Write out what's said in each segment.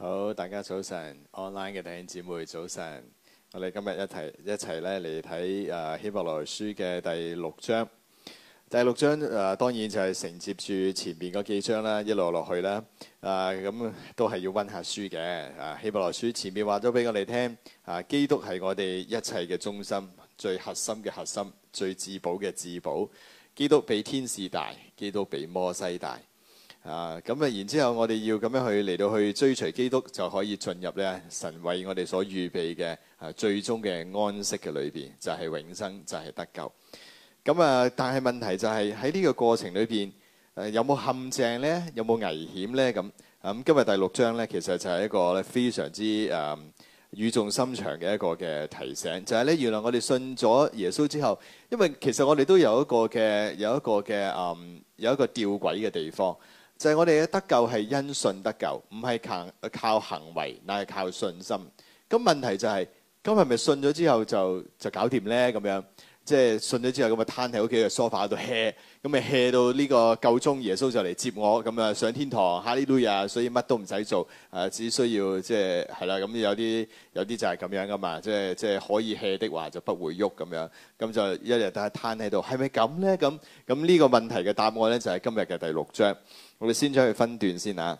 好，大家早晨，online 嘅弟兄姊妹早晨。我哋今日一齊一齊咧嚟睇誒希伯來書嘅第六章。第六章誒、啊、當然就係承接住前面嗰幾章啦，一路落去啦。誒、啊、咁、嗯、都係要溫下書嘅。誒、啊、希伯來書前面話咗俾我哋聽，誒、啊、基督係我哋一切嘅中心，最核心嘅核心，最至寶嘅至寶。基督比天使大，基督比摩西大。啊，咁啊，然之後我哋要咁樣去嚟到去追隨基督，就可以進入咧神為我哋所預備嘅啊最終嘅安息嘅裏邊，就係、是、永生，就係、是、得救。咁啊，但係問題就係喺呢個過程裏邊，誒、啊、有冇陷阱咧？有冇危險咧？咁咁今日第六章咧，其實就係一個非常之誒、嗯、語重心長嘅一個嘅提醒，就係、是、咧原來我哋信咗耶穌之後，因為其實我哋都有一個嘅有一個嘅誒、嗯、有一個吊詭嘅地方。就係我哋嘅得救係因信得救，唔係靠,靠行為，乃係靠信心。咁問題就係今日咪信咗之後就就搞掂咧？咁樣即係信咗之後咁咪攤喺屋企嘅梳化嗰度咁咪 hea 到呢個夠鐘，耶穌就嚟接我咁啊上天堂吓呢啊，所以乜都唔使做啊，只需要即係係啦。咁、да, 有啲有啲就係咁樣噶嘛，即係即係可以 hea 的話就不會喐咁樣咁就一日都係攤喺度，係咪咁咧？咁咁呢個問題嘅答案咧就係今日嘅第六章。我哋先將佢分段先啊，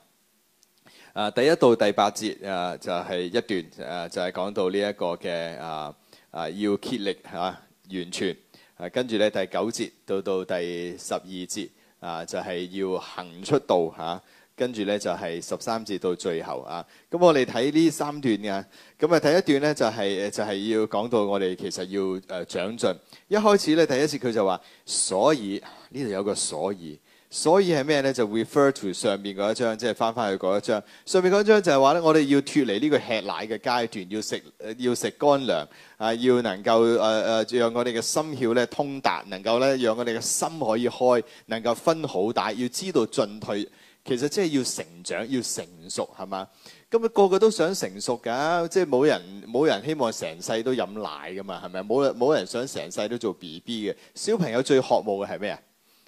啊第一到第八節啊就係、是、一段，誒、啊、就係、是、講到呢一個嘅啊啊要竭力吓、啊、完全，啊跟住咧第九節到到第十二節啊就係、是、要行出道吓，跟住咧就係、是、十三節到最後啊，咁我哋睇呢三段嘅，咁啊第一段咧就係、是、誒就係、是、要講到我哋其實要誒、啊、長進，一開始咧第一節佢就話所以呢度、啊、有個所以。所以係咩咧？就 refer to 上面嗰一章，即係翻翻去嗰一章。上面嗰章就係話咧，我哋要脫離呢個吃奶嘅階段，要食、呃、要食乾糧啊，要能夠誒誒，讓我哋嘅心竅咧通達，能夠咧讓我哋嘅心可以開，能夠分好歹，要知道進退。其實即係要成長，要成熟，係嘛？咁、那、啊個個都想成熟㗎，即係冇人冇人希望成世都飲奶㗎嘛？係咪啊？冇冇人想成世都做 B B 嘅。小朋友最渴望嘅係咩啊？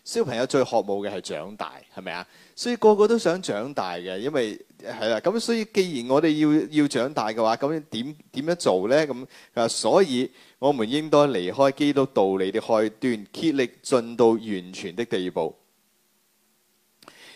小朋友最渴望嘅係長大，係咪啊？所以個個都想長大嘅，因為係啦。咁、啊、所以既然我哋要要長大嘅話，咁點點樣做咧？咁啊，所以我們應該離開基督道理的開端，竭力進到完全的地步。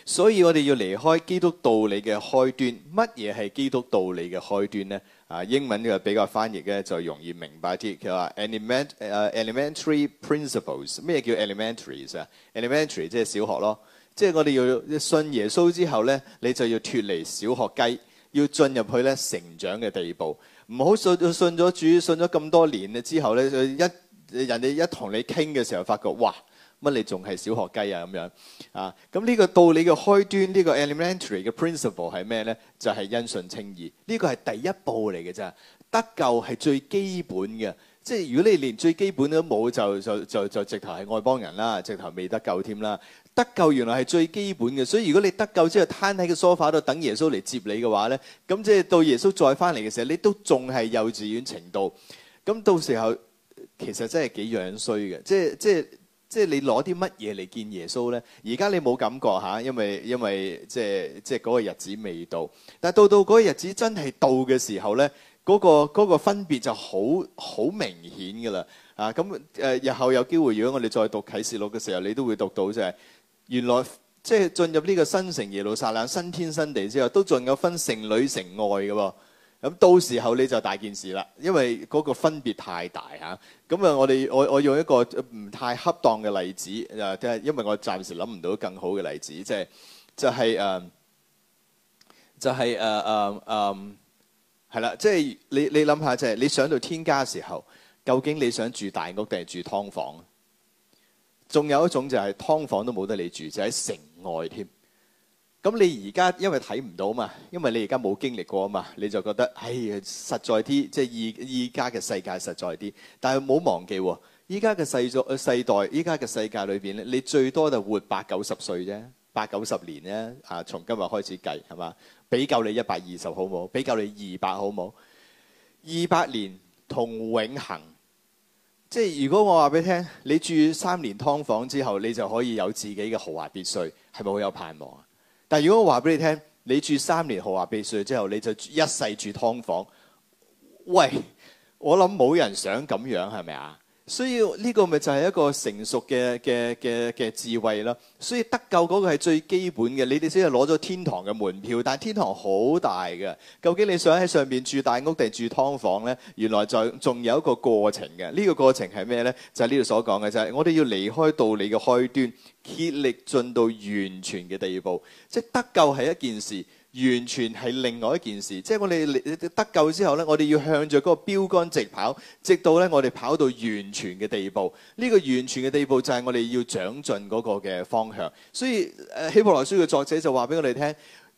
所以我哋要離開基督道理嘅開端。乜嘢係基督道理嘅開端咧？啊，英文呢個比較翻譯咧就容易明白啲。佢話 element，誒 elementary principles，咩叫 elementary 啊？elementary 即係小學咯。即係我哋要信耶穌之後咧，你就要脱離小學雞，要進入去咧成長嘅地步。唔好信，信咗主，信咗咁多年之後咧，一人哋一同你傾嘅時候，發覺哇～乜你仲係小學雞啊咁樣啊？咁呢個道理嘅開端，呢、這個 elementary 嘅 principle 係咩咧？就係、是、因信稱義。呢、這個係第一步嚟嘅咋？得救係最基本嘅。即係如果你連最基本都冇，就就就就，就直頭係外邦人啦，直頭未得救添啦。得救原來係最基本嘅，所以如果你得救之後攤喺個 sofa 度等耶穌嚟接你嘅話咧，咁即係到耶穌再翻嚟嘅時候，你都仲係幼稚園程度。咁到時候其實真係幾樣衰嘅，即係即係。即係你攞啲乜嘢嚟見耶穌咧？而家你冇感覺吓，因為因為即係即係嗰個日子未到。但係到到嗰個日子真係到嘅時候咧，嗰個嗰個分別就好好明顯㗎啦啊！咁誒，日後有機會，如果我哋再讀啟示錄嘅時候，你都會讀到就係原來即係進入呢個新城耶路撒冷新天新地之後，都仲有分城裏城外嘅喎。咁到時候你就大件事啦，因為嗰個分別太大吓。咁啊，我哋我我用一個唔太恰當嘅例、啊、例子，就係因為我暫時諗唔到更好嘅例子，即係就係、是、誒、啊、就係誒誒誒係啦。即、啊、係、啊嗯就是、你你諗下，即、就、係、是、你上到天家時候，究竟你想住大屋定係住劏房？仲有一種就係劏房都冇得你住，就喺、是、城外添。咁你而家因為睇唔到嘛，因為你而家冇經歷過啊嘛，你就覺得哎呀實在啲，即係而家嘅世界實在啲。但係冇忘記喎、哦，依家嘅世代，依家嘅世界裏邊咧，你最多就活八九十歲啫，八九十年啫。啊，從今日開始計係嘛？俾夠你一百二十好冇，俾夠你二百好冇，二百年同永恆。即係如果我話俾你聽，你住三年劏房之後，你就可以有自己嘅豪華別墅，係咪好有盼望啊？但如果我話俾你聽，你住三年豪華別墅之後，你就一世住劏房。喂，我諗冇人想咁樣，係咪啊？是需要呢個咪就係一個成熟嘅嘅嘅嘅智慧啦。所以得救嗰個係最基本嘅，你哋先係攞咗天堂嘅門票，但係天堂好大嘅。究竟你想喺上面住大屋定住劏房呢？原來就仲有一個過程嘅。呢、這個過程係咩呢？就係呢度所講嘅就係、是、我哋要離開道理嘅開端，竭力進到完全嘅地步。即係得救係一件事。完全係另外一件事，即係我哋得救之後呢，我哋要向著嗰個標竿直跑，直到呢我哋跑到完全嘅地步。呢、這個完全嘅地步就係我哋要長進嗰個嘅方向。所以誒希伯來書嘅作者就話俾我哋聽。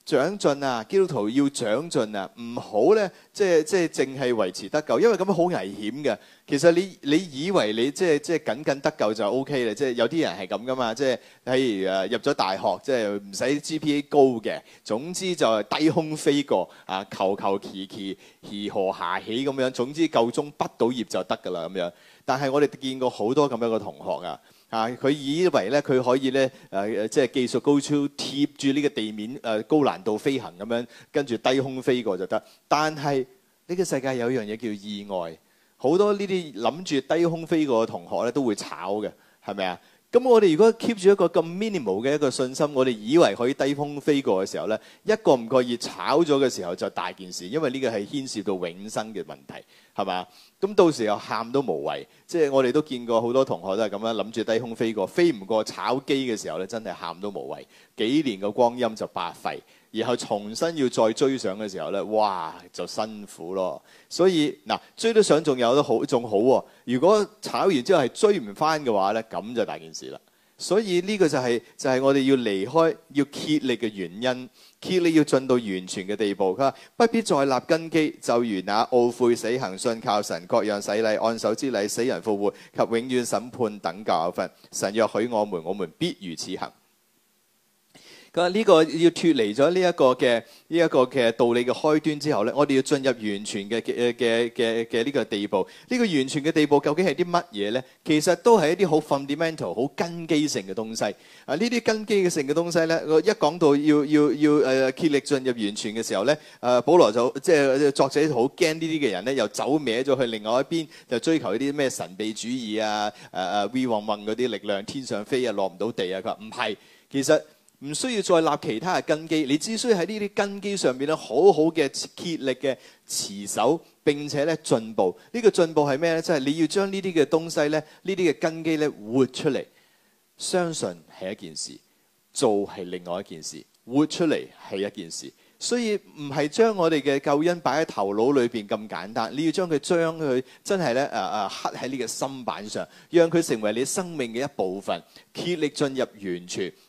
長進啊！基督徒要長進啊！唔好咧，即係即係淨係維持得救，因為咁樣好危險嘅。其實你你以為你即係即係僅僅得救就 OK 啦，即係有啲人係咁噶嘛，即係例如誒入咗大學，即係唔使 GPA 高嘅，總之就係低空飛過啊，求求其其，兒何下起咁樣，總之夠鐘畢到業就得㗎啦咁樣。但係我哋見過好多咁樣嘅同學啊！啊！佢以為呢，佢可以呢，誒、呃、誒，即係技術高超，貼住呢個地面，誒、呃、高難度飛行咁樣，跟住低空飛過就得。但係呢個世界有一樣嘢叫意外，好多呢啲諗住低空飛過嘅同學咧，都會炒嘅，係咪啊？咁我哋如果 keep 住一個咁 minimal 嘅一個信心，我哋以為可以低空飛過嘅時候呢，一個唔覺意炒咗嘅時候就大件事，因為呢個係牽涉到永生嘅問題，係嘛？咁到時候喊都無謂，即係我哋都見過好多同學都係咁樣諗住低空飛過，飛唔過炒機嘅時候呢，真係喊都無謂，幾年嘅光陰就白費。然後重新要再追上嘅時候咧，哇就辛苦咯。所以嗱追得上仲有得好仲好喎、啊。如果炒完之後係追唔翻嘅話咧，咁就大件事啦。所以呢個就係、是、就係、是、我哋要離開要竭力嘅原因。竭力要進到完全嘅地步。佢話不必再立根基，就如那懊悔死行信靠神各樣洗禮、按手之禮死人復活及永遠審判等教訓。神若許我們，我們必如此行。佢話呢個要脫離咗呢一個嘅呢一個嘅道理嘅開端之後咧，我哋要進入完全嘅嘅嘅嘅嘅呢個地步。呢個完全嘅地步究竟係啲乜嘢咧？其實都係一啲好 fundamental、好根基性嘅東西。啊，呢啲根基性嘅東西咧，我一講到要要要誒竭力進入完全嘅時候咧，誒，保羅就即係作者好驚呢啲嘅人咧，又走歪咗去另外一邊，就追求一啲咩神秘主義啊、誒誒 weonon 嗰啲力量天上飛啊落唔到地啊。佢話唔係，其實。唔需要再立其他嘅根基，你只需要喺呢啲根基上面咧，好好嘅竭力嘅持守，並且咧進步。呢個進步係咩咧？即係你要將呢啲嘅東西咧，呢啲嘅根基咧活出嚟。相信係一件事，做係另外一件事。活出嚟係一件事，所以唔係將我哋嘅救恩擺喺頭腦裏邊咁簡單，你要將佢將佢真係咧誒誒刻喺你嘅心板上，讓佢成為你生命嘅一部分，竭力進入完全。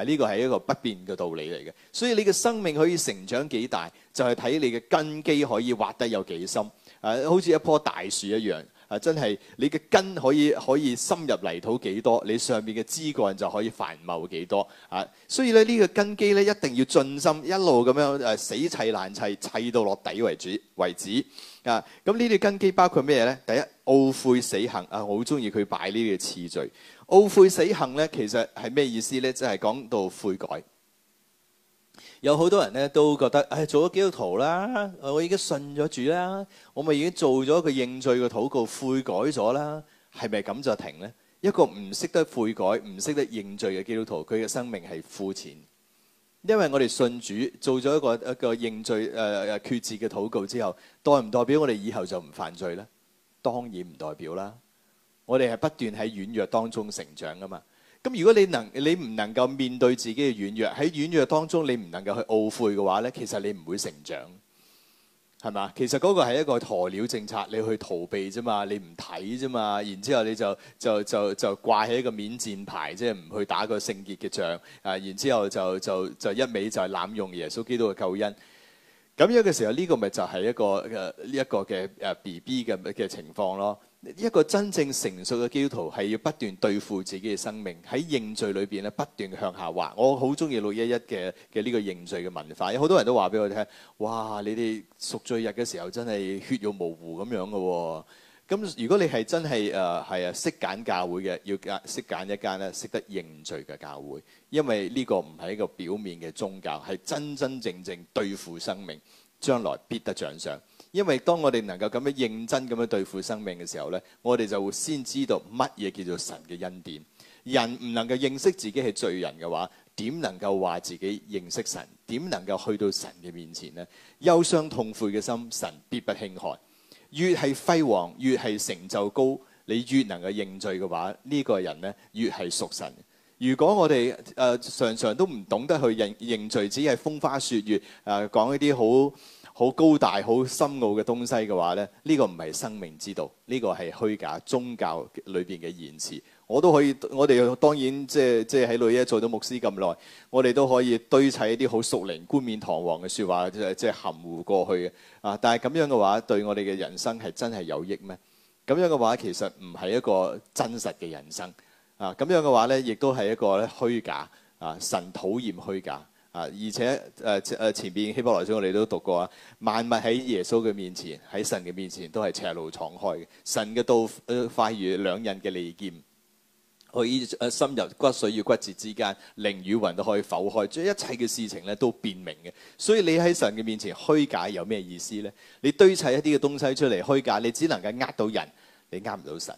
呢、啊，這個係一個不變嘅道理嚟嘅，所以你嘅生命可以成長幾大，就係、是、睇你嘅根基可以挖得有幾深。誒、啊，好似一棵大樹一樣，誒、啊，真係你嘅根可以可以深入泥土幾多，你上邊嘅枝幹就可以繁茂幾多。啊，所以咧呢、這個根基咧一定要盡心，一路咁樣誒、啊、死砌爛砌砌到落底為止為止。啊，咁呢啲根基包括咩咧？第一懊悔死行，啊，我好中意佢擺呢啲嘅次序。懊悔死行咧，其實係咩意思咧？即係講到悔改，有好多人咧都覺得，誒、哎，做咗基督徒啦，我已經信咗主啦，我咪已經做咗一個認罪嘅禱告，悔改咗啦，係咪咁就停咧？一個唔識得悔改、唔識得認罪嘅基督徒，佢嘅生命係膚淺，因為我哋信主做咗一個一個認罪誒誒、呃、決志嘅禱告之後，代唔代表我哋以後就唔犯罪咧？當然唔代表啦。我哋係不斷喺軟弱當中成長噶嘛，咁如果你能你唔能夠面對自己嘅軟弱，喺軟弱當中你唔能夠去懊悔嘅話咧，其實你唔會成長，係嘛？其實嗰個係一個鴕鳥政策，你去逃避啫嘛，你唔睇啫嘛，然之後你就就就就掛起一個免戰牌，即係唔去打個聖潔嘅仗，啊，然之後就就就就一味就係濫用耶穌基督嘅救恩，咁樣嘅時候呢個咪就係一個誒呢一個嘅誒 B B 嘅嘅情況咯。一個真正成熟嘅基督徒係要不斷對付自己嘅生命，喺認罪裏邊咧，不斷向下滑。我好中意六一一嘅嘅呢個認罪嘅文化，有好多人都話俾我聽，哇！你哋贖罪日嘅時候真係血肉模糊咁樣嘅喎。咁如果你係真係誒係啊識揀教會嘅，要揀識揀一間咧，識得認罪嘅教會，因為呢個唔係一個表面嘅宗教，係真真正正對付生命，將來必得獎賞。因為當我哋能夠咁樣認真咁樣對付生命嘅時候呢，我哋就會先知道乜嘢叫做神嘅恩典。人唔能夠認識自己係罪人嘅話，點能夠話自己認識神？點能夠去到神嘅面前呢？憂傷痛悔嘅心，神必不輕看。越係輝煌，越係成就高，你越能夠認罪嘅話，呢、這個人呢，越係屬神。如果我哋誒、呃、常常都唔懂得去認認罪，只係風花雪月誒、呃、講一啲好。好高大、好深奧嘅東西嘅話咧，呢個唔係生命之道，呢個係虛假宗教裏邊嘅言辭。我都可以，我哋當然即係即係喺裏邊做到牧師咁耐，我哋都可以堆砌一啲好屬靈、冠冕堂皇嘅説話，即係即係含糊過去嘅啊。但係咁樣嘅話，對我哋嘅人生係真係有益咩？咁樣嘅話，其實唔係一個真實嘅人生啊。咁樣嘅話咧，亦都係一個咧虛假啊。神討厭虛假。啊！而且誒誒、呃、前邊 希伯來書我哋都讀過啊，萬物喺耶穌嘅面前，喺神嘅面前都係赤露敞開嘅。神嘅道快如兩刃嘅利劍，可以深入骨髓與骨節之間，靈與魂都可以剖開，將一切嘅事情咧都辨明嘅。所以你喺神嘅面前虛假有咩意思咧？你堆砌一啲嘅東西出嚟虛假，你只能夠呃到人，你呃唔到神。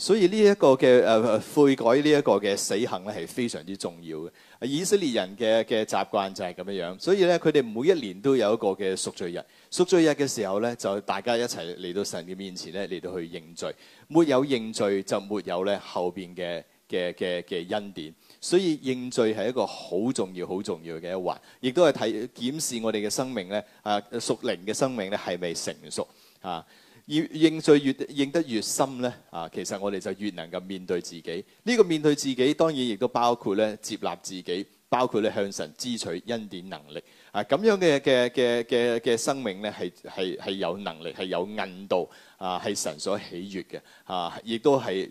所以呢一個嘅誒、啊、悔改呢一個嘅死行咧係非常之重要嘅。以色列人嘅嘅習慣就係咁樣樣，所以咧佢哋每一年都有一個嘅贖罪日。贖罪日嘅時候咧，就大家一齊嚟到神嘅面前咧嚟到去認罪。沒有認罪就沒有咧後邊嘅嘅嘅嘅恩典。所以認罪係一個好重要、好重要嘅一環，亦都係睇檢視我哋嘅生命咧啊，屬靈嘅生命咧係咪成熟啊？越認罪越認得越深咧，啊，其實我哋就越能夠面對自己。呢個面對自己，當然亦都包括咧接納自己，包括咧向神支取恩典能力。啊，咁樣嘅嘅嘅嘅嘅生命咧，係係係有能力，係有韌度，啊，係神所喜悦嘅。啊，亦都係，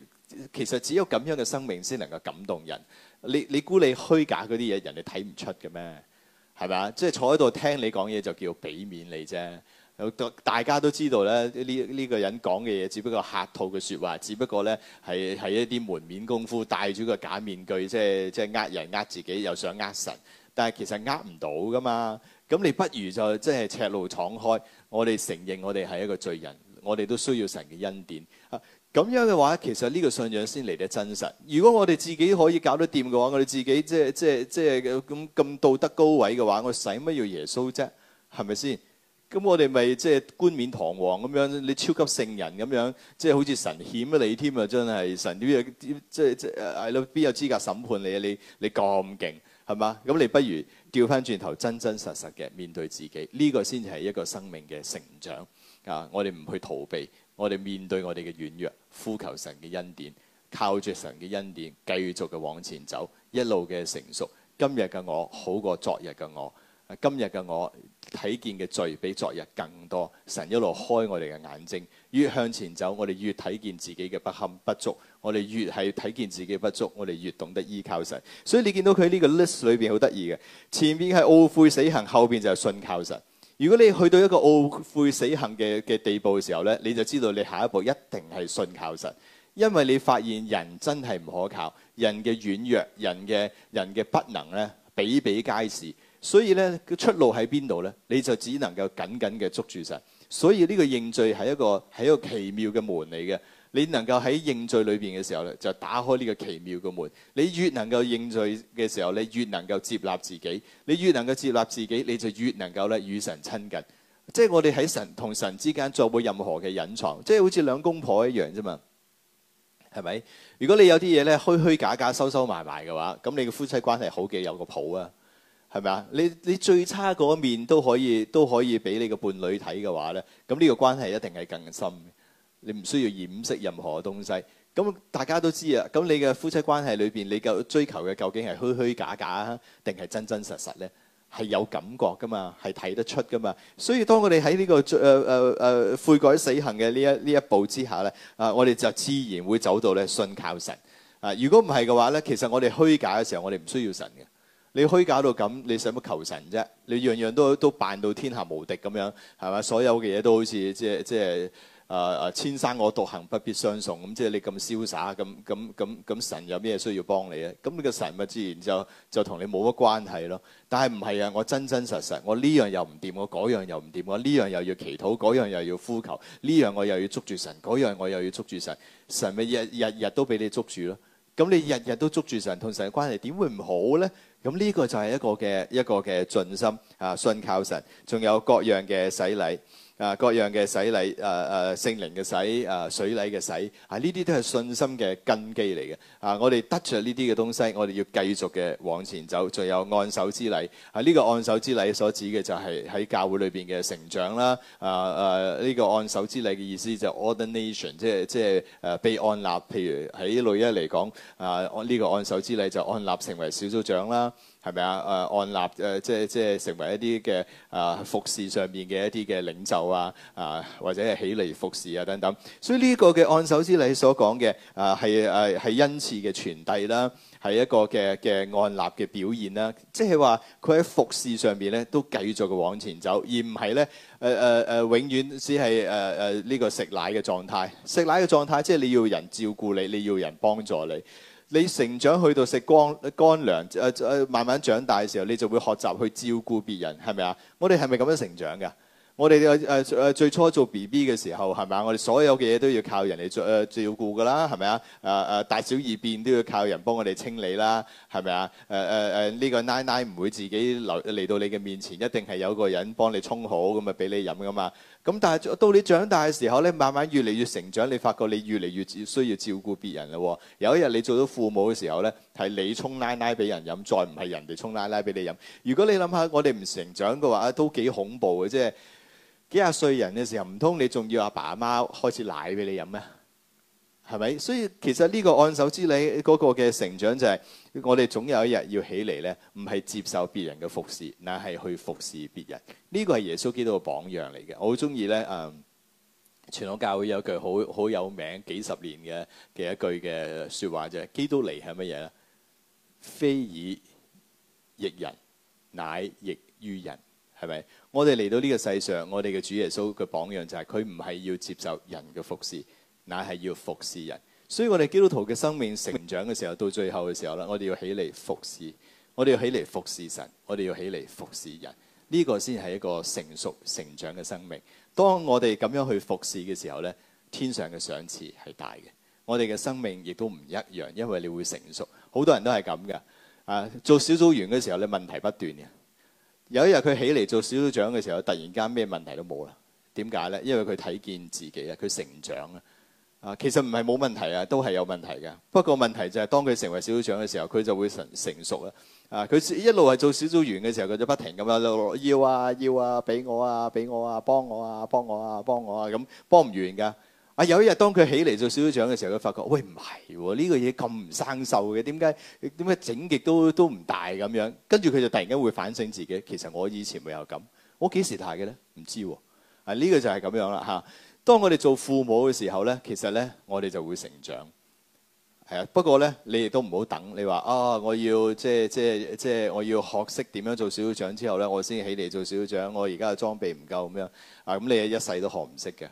其實只有咁樣嘅生命先能夠感動人。你你估你虛假嗰啲嘢，人哋睇唔出嘅咩？係咪啊？即係坐喺度聽你講嘢，就叫俾面你啫。大家都知道咧，呢、這、呢個人講嘅嘢只不過客套嘅説話，只不過咧係係一啲門面功夫，戴住個假面具，即係即係呃人、呃自己，又想呃神。但係其實呃唔到㗎嘛，咁你不如就即係赤路闖開。我哋承認我哋係一個罪人，我哋都需要神嘅恩典。咁樣嘅話，其實呢個信仰先嚟得真實。如果我哋自己可以搞得掂嘅話，我哋自己即係即係即係咁咁道德高位嘅話，我使乜要耶穌啫？係咪先？咁我哋咪即係冠冕堂皇咁樣，你超級聖人咁樣，即係好似神欠咗你添啊！真係神啲嘢，即係即係係咯，邊有資格審判你啊？你，你咁勁係嘛？咁你不如調翻轉頭真真實實嘅面對自己，呢個先至係一個生命嘅成長啊！我哋唔去逃避，我哋面對我哋嘅軟弱，呼求神嘅恩典，靠住神嘅恩典繼續嘅往前走，一路嘅成熟。今日嘅我好過昨日嘅我。今日嘅我睇見嘅罪比昨日更多。神一路開我哋嘅眼睛，越向前走，我哋越睇見自己嘅不堪不足。我哋越係睇見自己嘅不足，我哋越懂得依靠神。所以你見到佢呢個 list 裏邊好得意嘅，前面係懊悔死行，後邊就係信靠神。如果你去到一個懊悔死行嘅嘅地步嘅時候咧，你就知道你下一步一定係信靠神，因為你發現人真係唔可靠，人嘅軟弱、人嘅人嘅不能咧，比比皆是。所以咧，個出路喺邊度咧？你就只能夠緊緊嘅捉住神。所以呢個認罪係一個係一個奇妙嘅門嚟嘅。你能夠喺認罪裏邊嘅時候咧，就打開呢個奇妙嘅門。你越能夠認罪嘅時候，你越能夠接納自己。你越能夠接納自己，你就越能夠咧與神親近。即係我哋喺神同神之間做冇任何嘅隱藏，即係好似兩公婆一樣啫嘛，係咪？如果你有啲嘢咧虛虛假假，假、收收埋埋嘅話，咁你嘅夫妻關係好幾有個譜啊。係咪啊？你你最差嗰面都可以都可以俾你個伴侶睇嘅話咧，咁呢個關係一定係更深。你唔需要掩飾任何嘅東西。咁大家都知啊。咁你嘅夫妻關係裏邊，你嘅追求嘅究竟係虛虛假假啊，定係真真實實咧？係有感覺噶嘛？係睇得出噶嘛？所以當我哋喺呢個誒誒誒悔改死行嘅呢一呢一步之下咧，啊，我哋就自然會走到咧信靠神啊。如果唔係嘅話咧，其實我哋虛假嘅時候，我哋唔需要神嘅。你虛假到咁，你使乜求神啫？你樣樣都都扮到天下無敵咁樣，係嘛？所有嘅嘢都好似即係即係誒誒，千山我獨行，不必相送。咁即係你咁瀟灑，咁咁咁咁，神有咩需要幫你咧？咁你個神咪自然就就同你冇乜關係咯。但係唔係啊？我真真實實，我呢樣又唔掂，我嗰樣又唔掂，我呢樣又要祈禱，嗰樣又要呼求，呢樣我又要捉住神，嗰樣我又要捉住神，神咪日日日都俾你捉住咯。咁你日日都捉住神同神嘅關係，點會唔好呢？咁呢個就係一個嘅一個嘅信心啊，信靠神，仲有各樣嘅洗禮。啊，各樣嘅洗禮，誒誒聖靈嘅洗，誒水禮嘅洗，啊呢啲、啊、都係信心嘅根基嚟嘅。啊，我哋得着呢啲嘅東西，我哋要繼續嘅往前走。仲有按手之禮，係、啊、呢、呢個按手之禮所指嘅就係喺教會裏邊嘅成長啦。啊誒，呢、啊呢個按手之禮嘅意思就 ordination，即、就、係、是、即係、就、誒、是、被按立。譬如喺六一一嚟講，啊呢、呢個按手之禮就按立成為小組長啦。啊係咪啊？誒、呃、按立誒、呃、即係即係成為一啲嘅誒服侍上面嘅一啲嘅領袖啊！啊、呃、或者係起嚟服侍啊等等。所以呢個嘅按手之禮所講嘅誒係誒係恩賜嘅傳遞啦，係、呃呃、一個嘅嘅按立嘅表現啦。即係話佢喺服侍上面咧都繼續嘅往前走，而唔係咧誒誒誒永遠只係誒誒呢個食奶嘅狀態。食奶嘅狀態即係你要人照顧你，你要人幫助你。你成長去到食光乾糧，誒、啊、誒，慢慢長大嘅時候，你就會學習去照顧別人，係咪啊？我哋係咪咁樣成長嘅？我哋誒誒最初做 B B 嘅時候係咪啊？我哋所有嘅嘢都要靠人嚟誒照顧噶啦，係咪啊？誒、啊、誒，大小二便都要靠人幫我哋清理啦，係咪啊？誒誒誒，呢、啊呢個奶奶唔會自己流嚟到你嘅面前，一定係有個人幫你沖好咁啊，俾你飲噶嘛。咁但係到你長大嘅時候咧，慢慢越嚟越成長，你發覺你越嚟越要需要照顧別人嘞。有一日你做到父母嘅時候咧，係你沖奶奶俾人飲，再唔係人哋沖奶奶俾你飲。如果你諗下我哋唔成長嘅話，都幾恐怖嘅，即係幾廿歲人嘅時候，唔通你仲要阿爸阿媽開始奶俾你飲咩？係咪？所以其實呢個按手之禮嗰個嘅成長就係。我哋總有一日要起嚟咧，唔係接受別人嘅服侍，乃係去服侍別人。呢、這個係耶穌基督嘅榜樣嚟嘅。我好中意咧，誒、嗯，傳統教會有一句好好有名幾十年嘅嘅一句嘅說話就係：基督嚟係乜嘢咧？非以役人，乃役於人。係咪？我哋嚟到呢個世上，我哋嘅主耶穌嘅榜樣就係佢唔係要接受人嘅服侍，乃係要服侍人。所以我哋基督徒嘅生命成長嘅時候，到最後嘅時候啦，我哋要起嚟服侍。我哋要起嚟服侍神，我哋要起嚟服侍人，呢個先係一個成熟成長嘅生命。當我哋咁樣去服侍嘅時候咧，天上嘅賞賜係大嘅。我哋嘅生命亦都唔一樣，因為你會成熟。好多人都係咁嘅啊！做小組員嘅時候，你問題不斷嘅。有一日佢起嚟做小組長嘅時候，突然間咩問題都冇啦。點解咧？因為佢睇見自己啊，佢成長啊。啊，其實唔係冇問題啊，都係有問題嘅。不過問題就係、是、當佢成為小組長嘅時候，佢就會成成熟啦。啊，佢一路係做小組員嘅時候，佢就不停咁樣要啊要啊，俾我啊俾我啊，幫我啊幫我啊幫我啊咁，幫唔、啊啊、完噶。啊，有一日當佢起嚟做小組長嘅時候，佢發覺喂，唔係喎，呢、啊這個嘢咁唔生鏽嘅，點解點解整極都都唔大咁樣？跟住佢就突然間會反省自己，其實我以前咪又咁，我幾時大嘅咧？唔知喎、啊。啊，呢、這個就係咁樣啦嚇。啊當我哋做父母嘅時候咧，其實咧我哋就會成長，係啊。不過咧，你亦都唔好等。你話啊，我要即係即係即係我要學識點樣做小小長之後咧，我先起嚟做小小長。我而家嘅裝備唔夠咁樣啊，咁，嗯，你一世都學唔識嘅，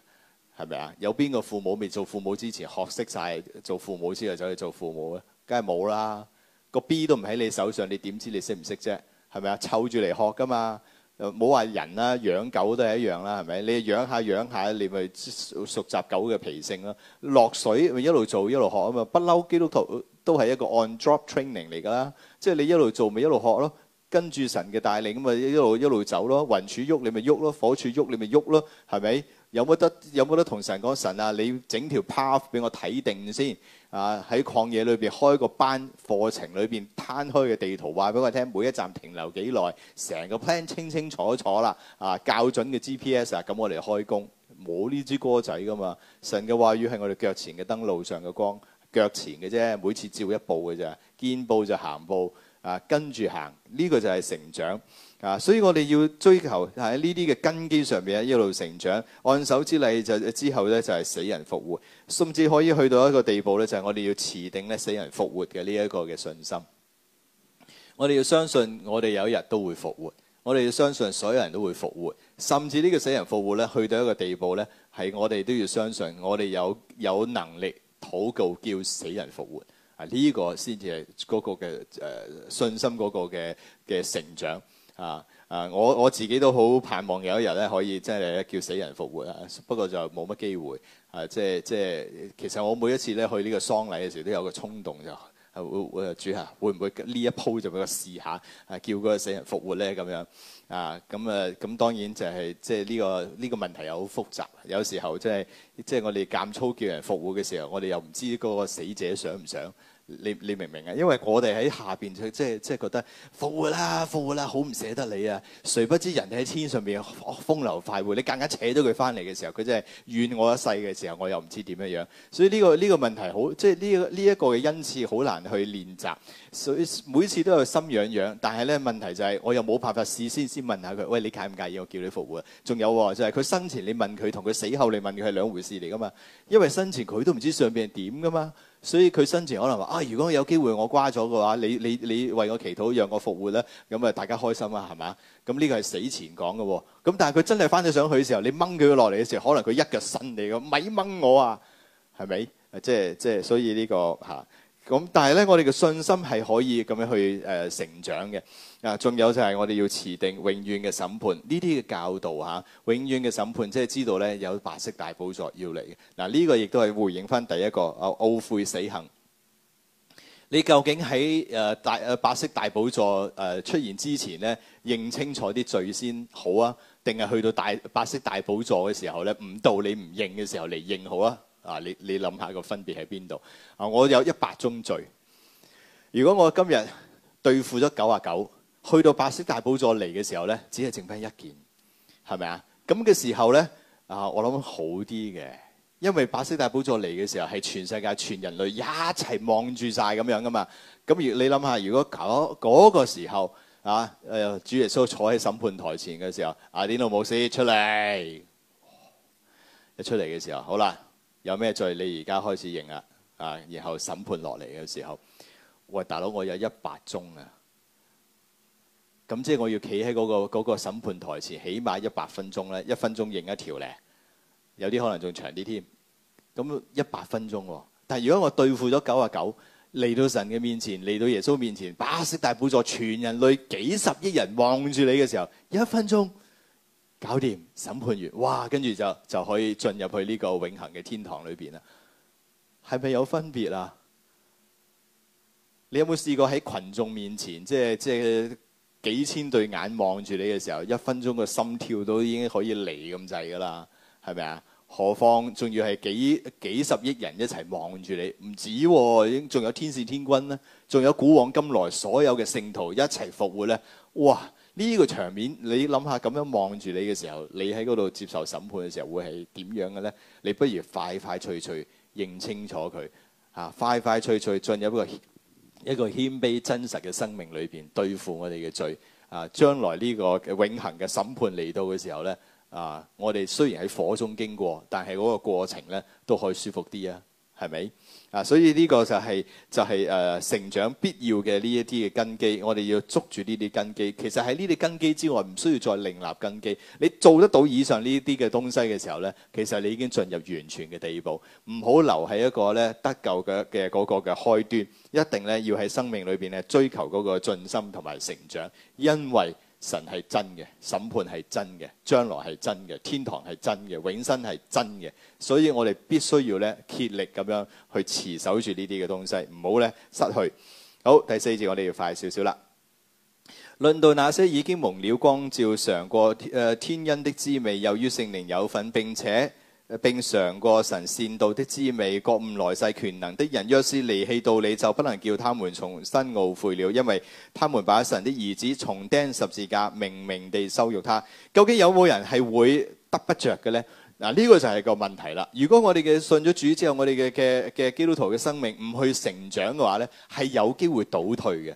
係咪啊？有邊個父母未做父母之前學識晒做父母之後就去做父母咧？梗係冇啦。個 B 都唔喺你手上，你點知你識唔識啫？係咪啊？湊住嚟學㗎嘛。又冇話人啦，養狗都係一樣啦，係咪？你養下養下，你咪熟熟習狗嘅脾性咯。落水咪一路做一路學啊嘛。不嬲基督徒都係一個 on drop training 嚟噶啦，即係你一路做咪一路學咯。跟住神嘅帶領咁啊，一路一路走咯。雲柱喐你咪喐咯，火柱喐你咪喐咯，係咪？有冇得有冇得同神講神啊？你整條 path 俾我睇定先。啊！喺曠野裏邊開個班課程裏邊攤開嘅地圖話俾我聽，每一站停留幾耐，成個 plan 清清楚楚啦。啊，校準嘅 GPS 啊，咁我嚟，開工，冇呢支歌仔噶嘛。神嘅話語係我哋腳前嘅燈，路上嘅光，腳前嘅啫，每次照一步嘅啫，見步就行步。啊，跟住行呢個就係成長啊，所以我哋要追求喺呢啲嘅根基上面啊，一路成長。按手之禮就，就之後咧就係死人復活，甚至可以去到一個地步咧，就係我哋要持定咧死人復活嘅呢一個嘅信心。我哋要相信我哋有一日都會復活，我哋要相信所有人都會復活，甚至呢個死人復活咧去到一個地步咧，係我哋都要相信我哋有有能力禱告叫死人復活。啊！呢個先至係嗰個嘅誒、呃、信心嗰個嘅嘅成長啊！啊，我我自己都好盼望有一日咧，可以真係叫死人復活啊！不過就冇乜機會啊！即係即係，其實我每一次咧去呢個喪禮嘅時候，都有個衝動就誒誒主啊，會唔會呢、啊、一鋪就俾我試下誒、啊、叫嗰個死人復活咧？咁樣啊！咁啊咁、啊啊啊，當然就係、是、即係呢、這個呢、這個問題又好複雜，有時候真係即係我哋間粗叫人復活嘅時候，我哋又唔知嗰個死者想唔想。你你明唔明啊？因為我哋喺下邊，即即即覺得復活啦，復活啦，好唔捨得你啊！誰不知人喺天上邊，風流快活。你夾硬扯咗佢翻嚟嘅時候，佢真係怨我一世嘅時候，我又唔知點樣樣。所以呢個呢個問題好，即呢呢一個嘅恩賜好難去練習，所以每次都有心癢癢。但係咧問題就係，我又冇辦法事先先問下佢：喂，你介唔介意我叫你復活？仲有就係佢生前你問佢，同佢死後你問佢係兩回事嚟噶嘛？因為生前佢都唔知上邊係點噶嘛。所以佢生前可能話：啊，如果我有機會我瓜咗嘅話，你你你為我祈禱，讓我復活咧，咁啊大家開心啊，係嘛？咁、這、呢個係死前講嘅喎。咁但係佢真係翻咗上去嘅時候，你掹佢落嚟嘅時候，可能佢一腳伸你咁咪掹我啊，係咪？即係即係，所以呢、這個嚇。啊咁但係咧，我哋嘅信心係可以咁樣去誒成長嘅。啊，仲有就係我哋要持定永遠嘅審判，呢啲嘅教導嚇，永遠嘅審判，即係知道咧有白色大寶座要嚟。嗱、啊，呢、呢個亦都係回應翻第一個啊懊悔死行。你究竟喺誒、呃、大白色大寶座誒、呃、出現之前咧，認清楚啲罪先好啊，定係去到大白色大寶座嘅時候咧，唔到你唔認嘅時候嚟認好啊？啊！你你諗下個分別喺邊度？啊！我有一百宗罪，如果我今日對付咗九十九，去到白色大寶座嚟嘅時候咧，只係剩翻一件，係咪啊？咁嘅時候咧，啊，我諗好啲嘅，因為白色大寶座嚟嘅時候係全世界全人類一齊望住晒咁樣噶嘛。咁如你諗下，如果嗰嗰個時候啊，誒主耶穌坐喺審判台前嘅時候，阿典路姆斯出嚟一出嚟嘅時候，好啦。有咩罪？你而家開始認啦，啊！然後審判落嚟嘅時候，喂，大佬我有一百宗啊，咁即係我要企喺嗰個嗰個審判台前，起碼一百分鐘咧，一分鐘認一條咧，有啲可能仲長啲添。咁一百分鐘喎，但係如果我對付咗九十九嚟到神嘅面前，嚟到耶穌面前，白色大寶座，全人類幾十億人望住你嘅時候，一分鐘。搞掂，審判完，哇！跟住就就可以進入去呢個永恆嘅天堂裏邊啦。係咪有分別啊？你有冇試過喺群眾面前，即係即係幾千對眼望住你嘅時候，一分鐘嘅心跳都已經可以嚟咁滯噶啦？係咪啊？何況仲要係幾幾十億人一齊望住你，唔止喎、哦，仲有天使天君呢，仲有古往今來所有嘅聖徒一齊復活咧，哇！呢個場面，你諗下咁樣望住你嘅時候，你喺嗰度接受審判嘅時候會係點樣嘅呢？你不如快快脆脆認清楚佢啊！快快脆脆進入一個一個謙卑真實嘅生命裏邊，對付我哋嘅罪啊！將來呢個永恆嘅審判嚟到嘅時候呢，啊，我哋雖然喺火中經過，但係嗰個過程呢，都可以舒服啲啊，係咪？啊，所以呢個就係、是、就係、是、誒成長必要嘅呢一啲嘅根基，我哋要捉住呢啲根基。其實喺呢啲根基之外，唔需要再另立根基。你做得到以上呢啲嘅東西嘅時候咧，其實你已經進入完全嘅地步。唔好留喺一個咧得救嘅嘅嗰個嘅開端，一定咧要喺生命裏邊咧追求嗰個進心同埋成長，因為，神係真嘅，審判係真嘅，將來係真嘅，天堂係真嘅，永生係真嘅，所以我哋必須要咧竭力咁樣去持守住呢啲嘅東西，唔好咧失去。好，第四節我哋要快少少啦。論到那些已經蒙了光照、嘗過誒天恩的滋味，由於聖靈有份，並且。並嘗過神善道的滋味，覺悟來世權能的人，若是離棄道理，就不能叫他們重新懊悔了，因為他們把神的兒子重釘十字架，明明地羞辱他。究竟有冇人係會得不着嘅呢？嗱，呢個就係個問題啦。如果我哋嘅信咗主之後，我哋嘅基督徒嘅生命唔去成長嘅話，呢係有機會倒退嘅。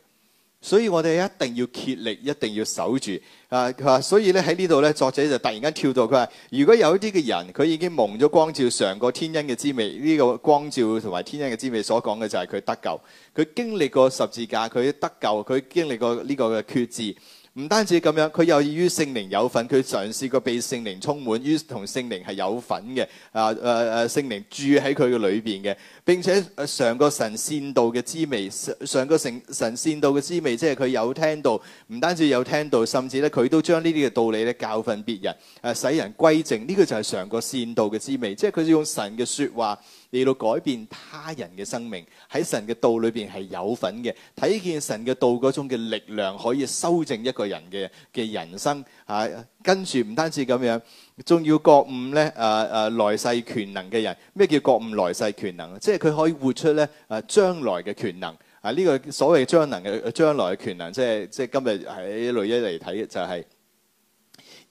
所以我哋一定要竭力，一定要守住。啊，佢話，所以咧喺呢度咧，作者就突然間跳到，佢話：如果有一啲嘅人，佢已經蒙咗光照，嘗過天恩嘅滋味，呢個光照同埋天恩嘅滋味所講嘅就係佢得救，佢經歷過十字架，佢得救，佢經歷過呢個嘅決志。唔單止咁樣，佢有於聖靈有份，佢嘗試過被聖靈充滿，於同聖靈係有份嘅，啊誒誒聖靈住喺佢嘅裏邊嘅。並且嘗、啊、個神善道嘅滋味，嘗個神神善道嘅滋味，即係佢有聽到，唔單止有聽到，甚至咧佢都將呢啲嘅道理咧教訓別人，誒、啊、使人歸正，呢、這個就係嘗個善道嘅滋味，即係佢用神嘅説話。嚟到改變他人嘅生命，喺神嘅道裏邊係有份嘅，睇見神嘅道嗰種嘅力量可以修正一個人嘅嘅人生。嚇，跟住唔單止咁樣，仲要覺悟咧。誒誒，來世權能嘅人，咩叫覺悟來世權能啊？即係佢可以活出咧誒將來嘅權能。啊，呢個所謂將能嘅將來嘅權能，即係即係今日喺一類一嚟睇就係。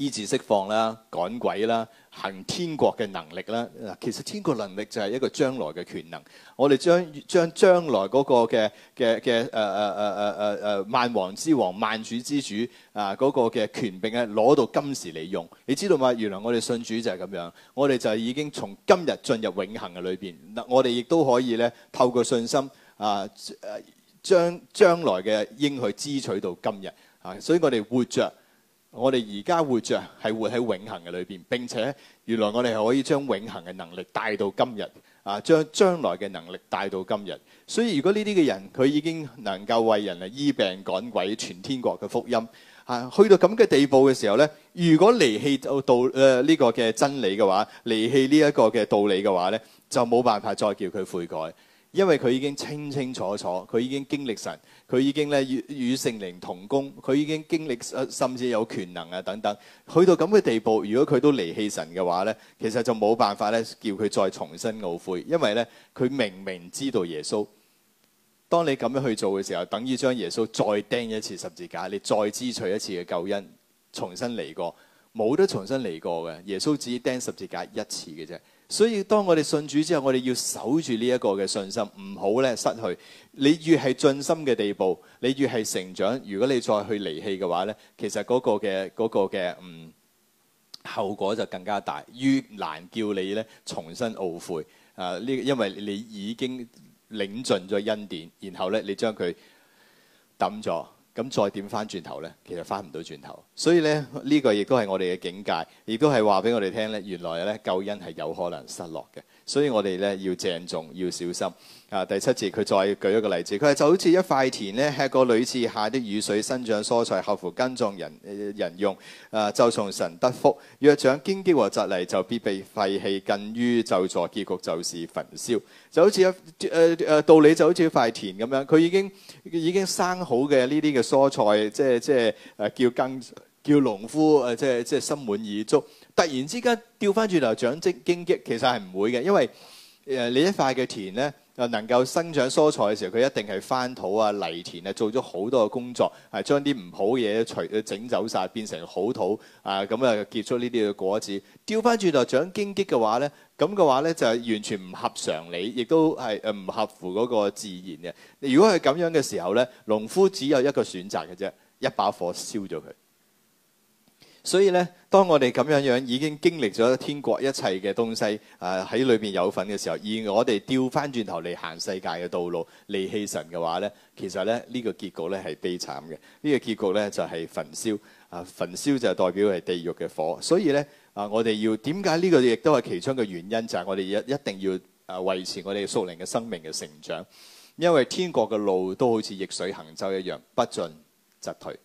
醫治釋放啦，趕鬼啦，行天國嘅能力啦。嗱，其實天國能力就係一個將來嘅權能。我哋將將將來嗰個嘅嘅嘅誒誒誒誒誒誒萬王之王、萬主之主啊嗰、那個嘅權柄咧攞到今時嚟用。你知道嘛？原來我哋信主就係咁樣，我哋就係已經從今日進入永恆嘅裏邊。嗱，我哋亦都可以咧透過信心啊，將將來嘅應許支取到今日啊。所以我哋活着。我哋而家活着，係活喺永恆嘅裏邊，並且原來我哋係可以將永恆嘅能力帶到今日，啊將將來嘅能力帶到今日。所以如果呢啲嘅人佢已經能夠為人嚟醫病趕鬼，傳天國嘅福音嚇、啊，去到咁嘅地步嘅時候咧，如果離棄就道誒呢、呃這個嘅真理嘅話，離棄呢一個嘅道理嘅話咧，就冇辦法再叫佢悔改。因為佢已經清清楚楚，佢已經經歷神，佢已經咧與聖靈同工，佢已經經歷甚至有權能啊等等。去到咁嘅地步，如果佢都離棄神嘅話咧，其實就冇辦法咧叫佢再重新懊悔。因為咧，佢明明知道耶穌。當你咁樣去做嘅時候，等於將耶穌再釘一次十字架，你再支取一次嘅救恩，重新嚟過，冇得重新嚟過嘅。耶穌只釘十字架一次嘅啫。所以當我哋信主之後，我哋要守住呢一個嘅信心，唔好咧失去。你越係盡心嘅地步，你越係成長。如果你再去離棄嘅話咧，其實嗰個嘅嗰個嘅嗯後果就更加大，越難叫你咧重新懊悔啊！呢因為你已經領盡咗恩典，然後咧你將佢抌咗。咁再點翻轉頭咧，其實翻唔到轉頭。所以咧，呢個亦都係我哋嘅警戒，亦都係話俾我哋聽咧，原來咧救恩係有可能失落嘅。所以我哋咧要鄭重，要小心。啊！第七節佢再舉一個例子，佢係就好似一塊田咧，吃過屢次下的雨水，生長蔬菜，合乎耕種人人用。啊！就從神得福，若長荊棘和蒺藜，就必被廢棄，近於咒詛，結局就是焚燒。就好似一誒誒道理就好似一塊田咁樣，佢已經已經生好嘅呢啲嘅蔬菜，即即誒叫耕叫農夫誒，即即，即，即心滿意足。突然之間調翻轉頭長積荊棘，其實係唔會嘅，因為誒你、呃、一塊嘅田咧。呢誒能夠生長蔬菜嘅時候，佢一定係翻土啊、犁田啊，做咗好多嘅工作，係將啲唔好嘢除、誒整走晒，變成好土啊，咁啊結出呢啲嘅果子。掉翻轉頭長荊棘嘅話咧，咁嘅話咧就係完全唔合常理，亦都係誒唔合乎嗰個自然嘅。如果係咁樣嘅時候咧，農夫只有一個選擇嘅啫，一把火燒咗佢。所以咧，當我哋咁樣樣已經經歷咗天國一切嘅東西，誒喺裏面有份嘅時候，而我哋調翻轉頭嚟行世界嘅道路，離棄神嘅話咧，其實咧呢個結局咧係悲慘嘅。呢個結局咧就係焚燒啊！焚燒就代表係地獄嘅火，所以咧啊，我哋要點解呢個亦都係其中嘅原因，就係我哋一一定要啊維持我哋屬靈嘅生命嘅成長，因為天國嘅路都好似逆水行舟一樣，不進則退。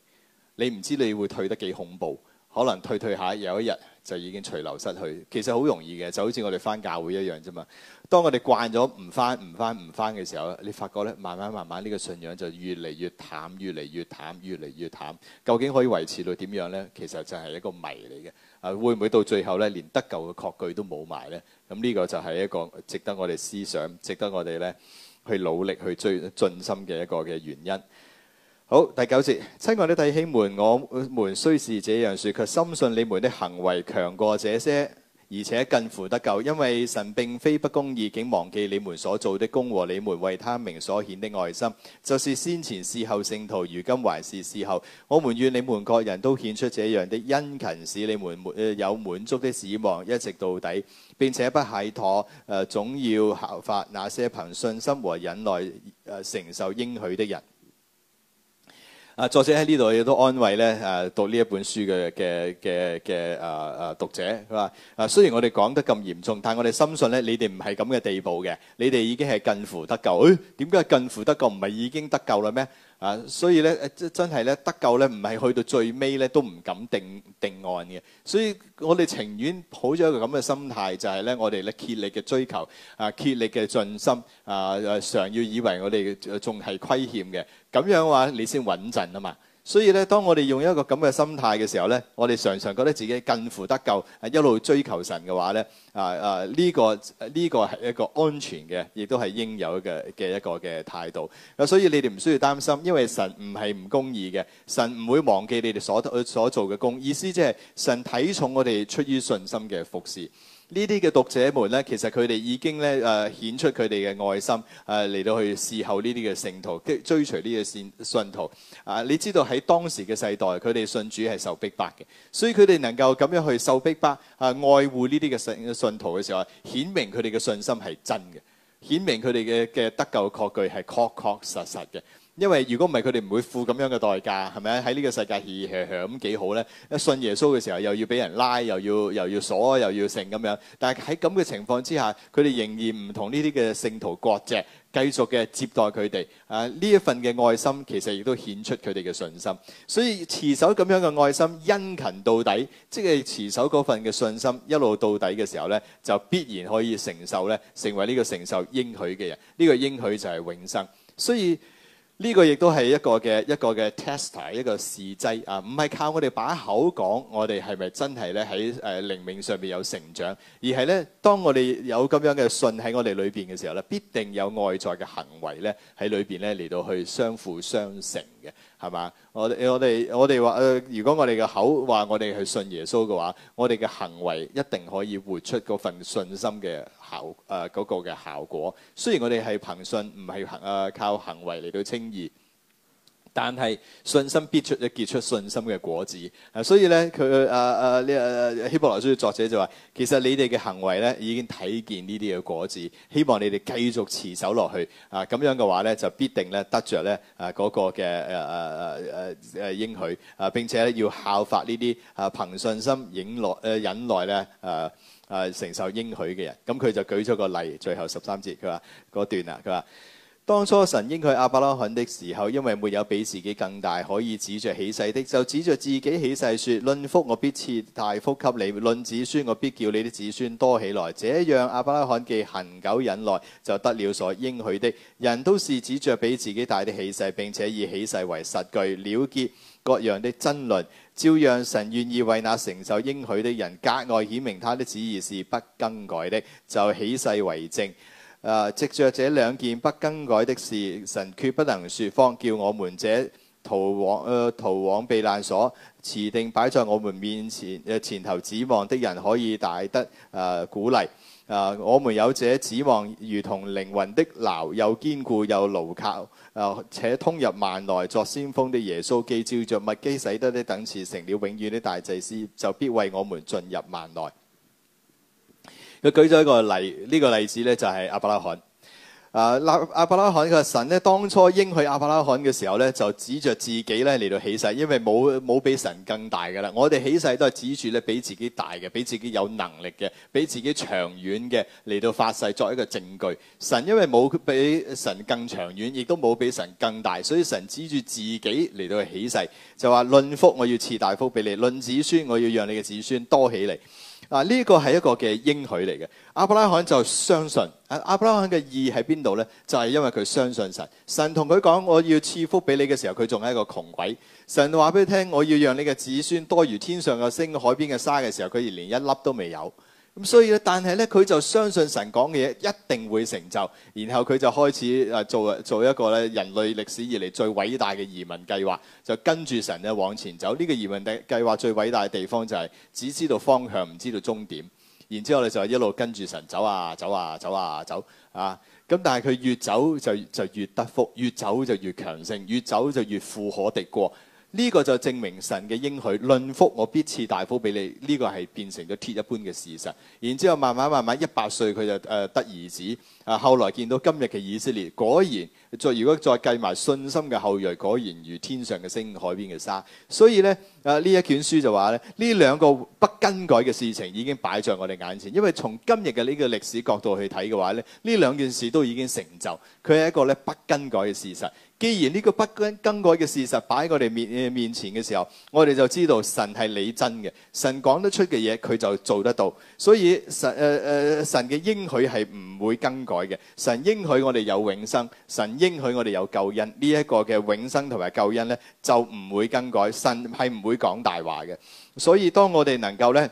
你唔知你會退得幾恐怖。可能退退下，有一日就已經隨流失去。其實好容易嘅，就好似我哋翻教會一樣啫嘛。當我哋慣咗唔翻、唔翻、唔翻嘅時候，你發覺咧，慢慢慢慢呢個信仰就越嚟越淡、越嚟越淡、越嚟越淡。究竟可以維持到點樣呢？其實就係一個謎嚟嘅。啊，會唔會到最後咧，連得救嘅確據都冇埋呢？咁，啊，呢個就係一個值得我哋思想、值得我哋咧去努力去追、盡心嘅一個嘅原因。好，第九節，親愛的弟兄們，我們雖是這樣說，卻深信你們的行為強過這些，而且近乎得救，因為神並非不公義，竟忘記你們所做的工和你們為他名所顯的愛心。就是先前侍候聖徒，如今還是侍候，我們願你們各人都顯出這樣的殷勤，使你們有滿足的指望一直到底，並且不懈怠誒、呃，總要效法那些憑信心和忍耐誒、呃、承受應許的人。啊！作者喺呢度亦都安慰咧，誒讀呢一本書嘅嘅嘅嘅誒誒讀者，係嘛？誒雖然我哋講得咁嚴重，但係我哋深信咧，你哋唔係咁嘅地步嘅，你哋已經係近乎得救。誒點解近乎得救？唔係已經得救啦咩？啊，所以咧誒真真係咧得救咧，唔係去到最尾咧都唔敢定定案嘅。所以我哋情願抱咗一個咁嘅心態，就係咧我哋咧竭力嘅追求，啊竭力嘅盡心，啊誒常要以為我哋仲係虧欠嘅。咁樣話你先穩陣啊嘛，所以咧，當我哋用一個咁嘅心態嘅時候咧，我哋常常覺得自己近乎得救，係一路追求神嘅話咧，啊啊呢、呢個呢、啊呢個係一個安全嘅，亦都係應有嘅嘅一個嘅態度。所以你哋唔需要擔心，因為神唔係唔公義嘅，神唔會忘記你哋所得所做嘅工。意思即係神睇重我哋出於信心嘅服侍。呢啲嘅讀者們咧，其實佢哋已經咧誒顯出佢哋嘅愛心，誒、呃、嚟到去侍候呢啲嘅聖徒，跟追隨呢個信徒。啊、呃，你知道喺當時嘅世代，佢哋信主係受逼迫嘅，所以佢哋能夠咁樣去受逼迫，誒、呃、愛護呢啲嘅信信徒嘅時候，顯明佢哋嘅信心係真嘅，顯明佢哋嘅嘅得救確據係確確實實嘅。因為如果唔係，佢哋唔會付咁樣嘅代價，係咪？喺呢個世界嘻嘻嘻咁幾好呢。一信耶穌嘅時候，又要俾人拉，又要又要鎖，又要成咁樣。但係喺咁嘅情況之下，佢哋仍然唔同呢啲嘅聖徒割席繼續嘅接待佢哋。誒、啊，呢一份嘅愛心，其實亦都顯出佢哋嘅信心。所以持守咁樣嘅愛心，殷勤到底，即、就、係、是、持守嗰份嘅信心，一路到底嘅時候呢，就必然可以承受呢，成為呢個承受應許嘅人。呢、這個應許就係永生。所以。呢個亦都係一個嘅一個嘅 test 啊，一個試劑啊，唔係靠我哋把口講，我哋係咪真係咧喺誒靈命上邊有成長？而係咧，當我哋有咁樣嘅信喺我哋裏邊嘅時候咧，必定有外在嘅行為咧喺裏邊咧嚟到去相輔相成嘅。係嘛？我哋我哋我哋話誒，如果我哋嘅口話我哋去信耶穌嘅話，我哋嘅行為一定可以活出嗰份信心嘅效誒嗰個嘅效果。雖然我哋係憑信，唔係行啊靠行為嚟到稱義。但係信心必出咗結出信心嘅果子啊！所以咧，佢啊啊呢啊希伯來書作者就話：其實你哋嘅行為咧已經睇見呢啲嘅果子，希望你哋繼續持守落去啊！咁樣嘅話咧，就必定咧得着咧啊嗰個嘅誒誒誒誒應許啊！並且咧要效法呢啲啊憑信心忍耐誒忍耐咧啊啊承受應許嘅人。咁佢就舉咗個例，最後十三節佢話嗰段啊，佢話。當初神應許亞伯拉罕的時候，因為沒有比自己更大可以指着起誓的，就指着自己起誓說：論福我必賜大福給你，論子孫我必叫你的子孫多起來。這樣亞伯拉罕既恒久忍耐，就得了所應許的。人都是指着比自己大的起誓，並且以起誓為實據，了結各樣的爭論。照樣神願意為那承受應許的人格外顯明他的旨意是不更改的，就起誓為證。啊！藉著這兩件不更改的事，神決不能説謊，叫我們這逃往、誒、呃、逃往避難所、持定擺在我們面前、誒前頭指望的人可以大得誒、呃、鼓勵。誒、啊，我們有這指望，如同靈魂的牢，又堅固又牢靠。誒、呃，且通入幔內作先鋒的耶穌，既照著麥基洗德的等次，成了永遠的大祭司，就必為我們進入幔內。佢舉咗一個例，呢個例子咧就係亞伯拉罕。啊、呃，亞亞伯拉罕嘅神咧，當初應許亞伯拉罕嘅時候咧，就指著自己咧嚟到起誓，因為冇冇比神更大嘅啦。我哋起誓都係指住咧比自己大嘅，比自己有能力嘅，比自己長遠嘅嚟到發誓作一個證據。神因為冇比神更長遠，亦都冇比神更大，所以神指住自己嚟到起誓，就話：論福我要賜大福俾你，論子孫我要讓你嘅子孫多起嚟。啊！呢個係一個嘅應許嚟嘅，亞伯拉罕就相信。亞伯拉罕嘅義喺邊度咧？就係因為佢相信神。神同佢講，我要賜福俾你嘅時候，佢仲係一個窮鬼。神話俾佢聽，我要讓你嘅子孫多如天上嘅星、海邊嘅沙嘅時候，佢而連一粒都未有。咁所以咧，但係咧，佢就相信神講嘅嘢一定會成就，然後佢就開始誒做做一個咧人類歷史以嚟最偉大嘅移民計劃，就跟住神咧往前走。呢、這個移民計劃的計劃最偉大嘅地方就係只知道方向，唔知道終點。然之後咧就一路跟住神走啊走啊走啊走啊。咁、啊啊啊、但係佢越走就就越得福，越走就越強盛,盛，越走就越富可敵國。呢個就證明神嘅應許，論福我必賜大福俾你。呢個係變成咗鐵一般嘅事實。然之後慢慢慢慢，一百歲佢就誒得兒子。啊，後來見到今日嘅以色列，果然再如果再計埋信心嘅後裔，果然如天上嘅星、海邊嘅沙。所以咧，啊呢一卷書就話咧，呢兩個不更改嘅事情已經擺在我哋眼前。因為從今日嘅呢個歷史角度去睇嘅話咧，呢兩件事都已經成就。佢係一個咧不更改嘅事實。既然呢個不更更改嘅事實擺喺我哋面面前嘅時候，我哋就知道神係理真嘅，神講得出嘅嘢佢就做得到，所以神誒誒神嘅應許係唔會更改嘅。神應許我哋有永生，神應許我哋有救恩，呢一個嘅永生同埋救恩咧就唔會更改。神係唔會講大話嘅，所以當我哋能夠咧，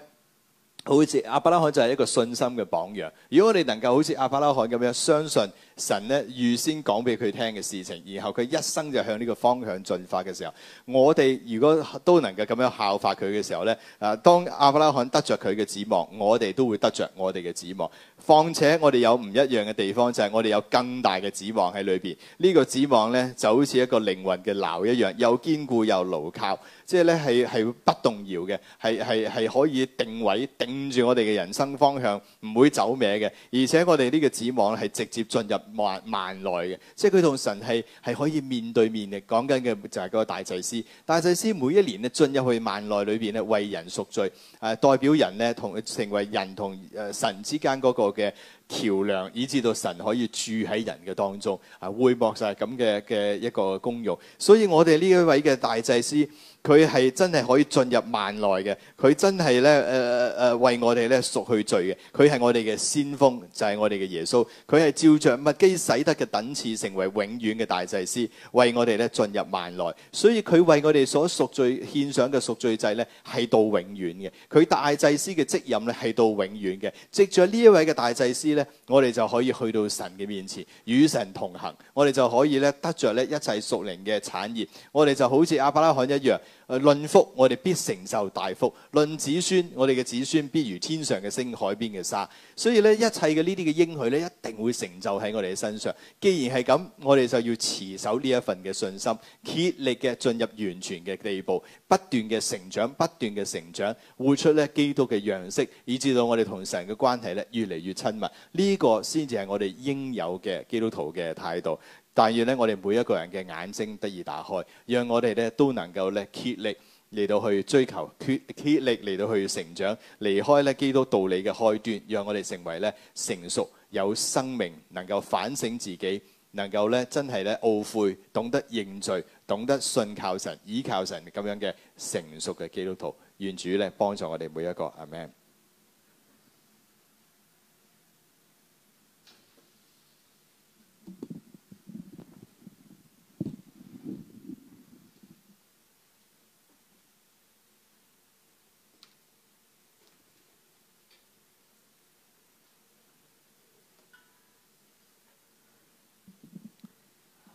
好似阿伯拉罕就係一個信心嘅榜樣。如果我哋能夠好似阿伯拉罕咁樣相信。神咧預先講俾佢聽嘅事情，然後佢一生就向呢個方向進發嘅時候，我哋如果都能夠咁樣效法佢嘅時候咧，啊，當亞伯拉罕得着佢嘅指望，我哋都會得着我哋嘅指望。況且我哋有唔一樣嘅地方，就係、是、我哋有更大嘅指望喺裏邊。呢、這個指望咧就好似一個靈魂嘅錨一樣，又堅固又牢靠，即係咧係係不動搖嘅，係係係可以定位頂住我哋嘅人生方向，唔會走歪嘅。而且我哋呢個指望係直接進入。幔幔內嘅，即係佢同神係係可以面對面嚟講緊嘅，就係嗰個大祭司。大祭司每一年咧進入去幔內裏邊咧為人贖罪，誒、呃、代表人呢同成為人同誒神之間嗰個嘅橋梁，以至到神可以住喺人嘅當中，啊、呃、會幕就係咁嘅嘅一個功用。所以我哋呢一位嘅大祭司。佢係真係可以進入幔內嘅，佢真係咧誒誒為我哋咧贖去罪嘅，佢係我哋嘅先鋒，就係、是、我哋嘅耶穌，佢係照着麥基洗德嘅等次成為永遠嘅大祭司，為我哋咧進入幔內。所以佢為我哋所贖罪獻上嘅贖罪祭咧係到永遠嘅，佢大祭司嘅職任咧係到永遠嘅。藉着呢一位嘅大祭司咧，我哋就可以去到神嘅面前與神同行，我哋就可以咧得着咧一切屬靈嘅產業，我哋就好似亞伯拉罕一樣。誒，論福我哋必成就大福，論子孫，我哋嘅子孫必如天上嘅星，海邊嘅沙。所以咧，一切嘅呢啲嘅應許咧，一定會成就喺我哋嘅身上。既然係咁，我哋就要持守呢一份嘅信心，竭力嘅進入完全嘅地步，不斷嘅成長，不斷嘅成長，活出咧基督嘅樣式，以至到我哋同神嘅關係咧越嚟越親密。呢個先至係我哋應有嘅基督徒嘅態度。但願咧，我哋每一個人嘅眼睛得以打開，讓我哋咧都能夠咧竭力嚟到去追求，竭竭力嚟到去成長，離開咧基督道理嘅開端，讓我哋成為咧成熟有生命，能夠反省自己，能夠咧真係咧懊悔，懂得認罪，懂得信靠神，倚靠神咁樣嘅成熟嘅基督徒。願主咧幫助我哋每一個。阿門。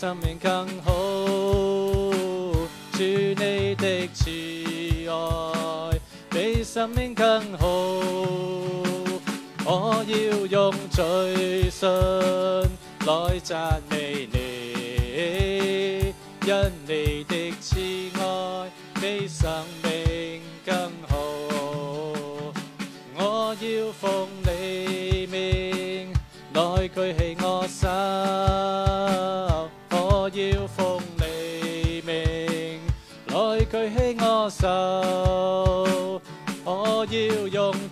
生命更好，主你的慈愛比生命更好，我要用嘴唇來讚美你，因你的慈愛比生命更好，我要奉你名來舉起我心。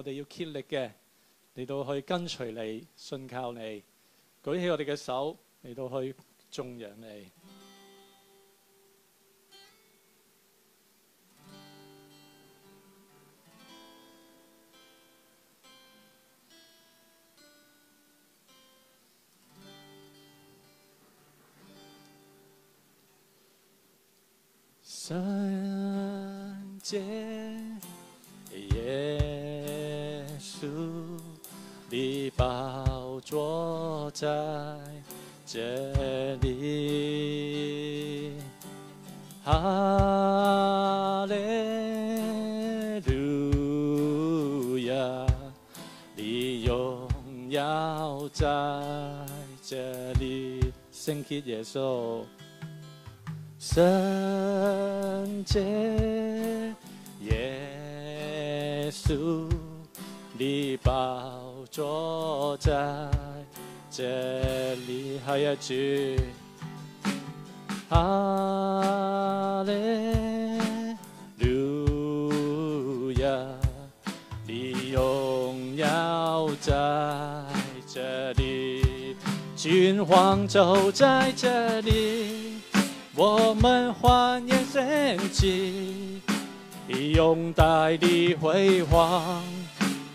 我哋要竭力嘅嚟到去跟隨你、信靠你、舉起我哋嘅手嚟到去頌揚你。山間夜。你寶座在這裏，哈利路亞！你榮耀在這裏，聖潔耶穌，聖潔耶穌。你寶座在這裏，還要去哈利路亞。你榮耀在這裏，君王就在這裏，我們歡迎聖你永代的輝煌。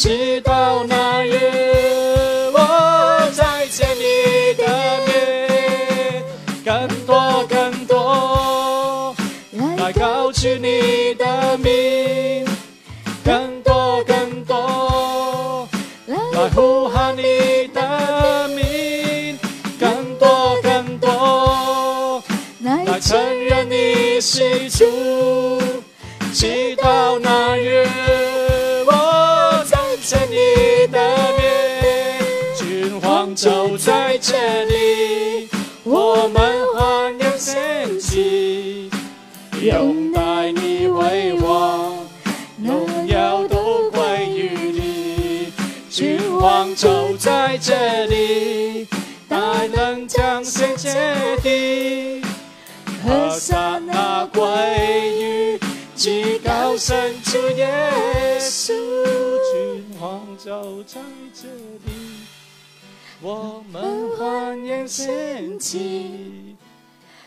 直到那日，我再見你的面，更多更多來告知你的名，更多更多來呼喊你的名，更多更多來承認你是主。用大義為王，榮耀都歸於你，君王就在這裏，大能將世界定。和散那，歸於至高神主耶穌，君王就在這裏，我們歡迎先子。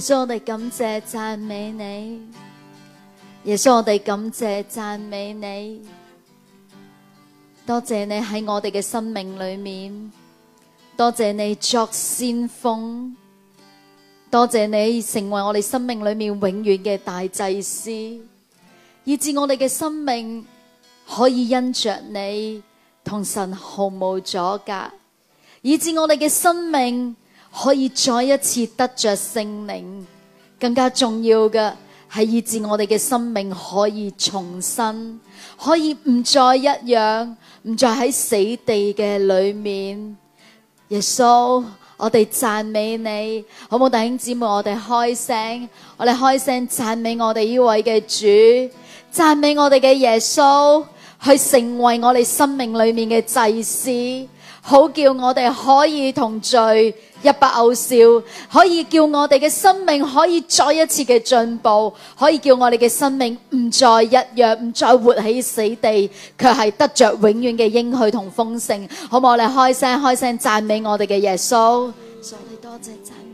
所以，我哋感謝讚美你。耶穌，我哋感謝讚美你。多謝你喺我哋嘅生命裏面，多謝你作先鋒，多謝你成為我哋生命裏面永遠嘅大祭司，以致我哋嘅生命可以因着你同神毫無阻隔，以致我哋嘅生命。可以再一次得着生命，更加重要嘅係以致我哋嘅生命可以重生，可以唔再一樣，唔再喺死地嘅裏面。耶穌，我哋讚美你，好唔好？弟兄姊妹，我哋開聲，我哋開聲讚美我哋呢位嘅主，讚美我哋嘅耶穌，去成為我哋生命裏面嘅祭司。好叫我哋可以同聚一拍，傲笑可以叫我哋嘅生命可以再一次嘅進步，可以叫我哋嘅生命唔再一樣，唔再活喺死地，卻係得着永遠嘅應許同豐盛，好唔好？我哋開聲開聲讚美我哋嘅耶穌。多謝讚美。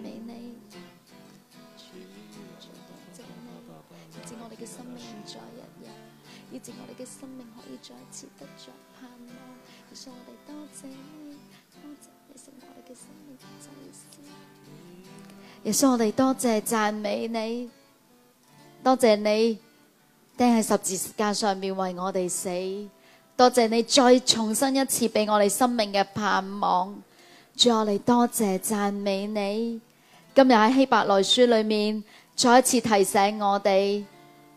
耶穌，我哋多謝讚美你，多謝你釘喺十字架上面為我哋死，多謝你再重生一次俾我哋生命嘅盼望。主，我哋多謝讚美你。今日喺希伯來書裏面再一次提醒我哋，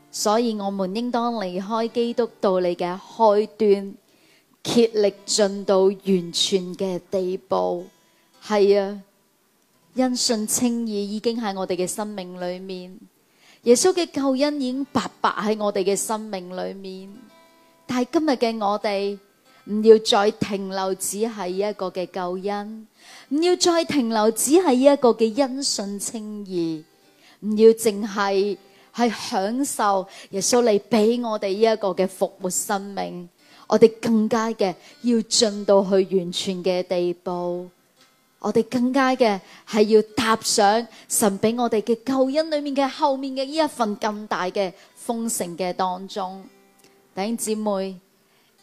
所以我們應當離開基督道理嘅開端，竭力進到完全嘅地步。係啊。因信稱義已經喺我哋嘅生命裏面，耶穌嘅救恩已經白白喺我哋嘅生命裏面。但係今日嘅我哋唔要再停留只係一個嘅救恩，唔要再停留只係一個嘅因信稱義，唔要淨係係享受耶穌嚟，俾我哋呢一個嘅復活生命。我哋更加嘅要進到去完全嘅地步。我哋更加嘅係要踏上神俾我哋嘅救恩裏面嘅後面嘅呢一份更大嘅豐盛嘅當中，弟兄姊妹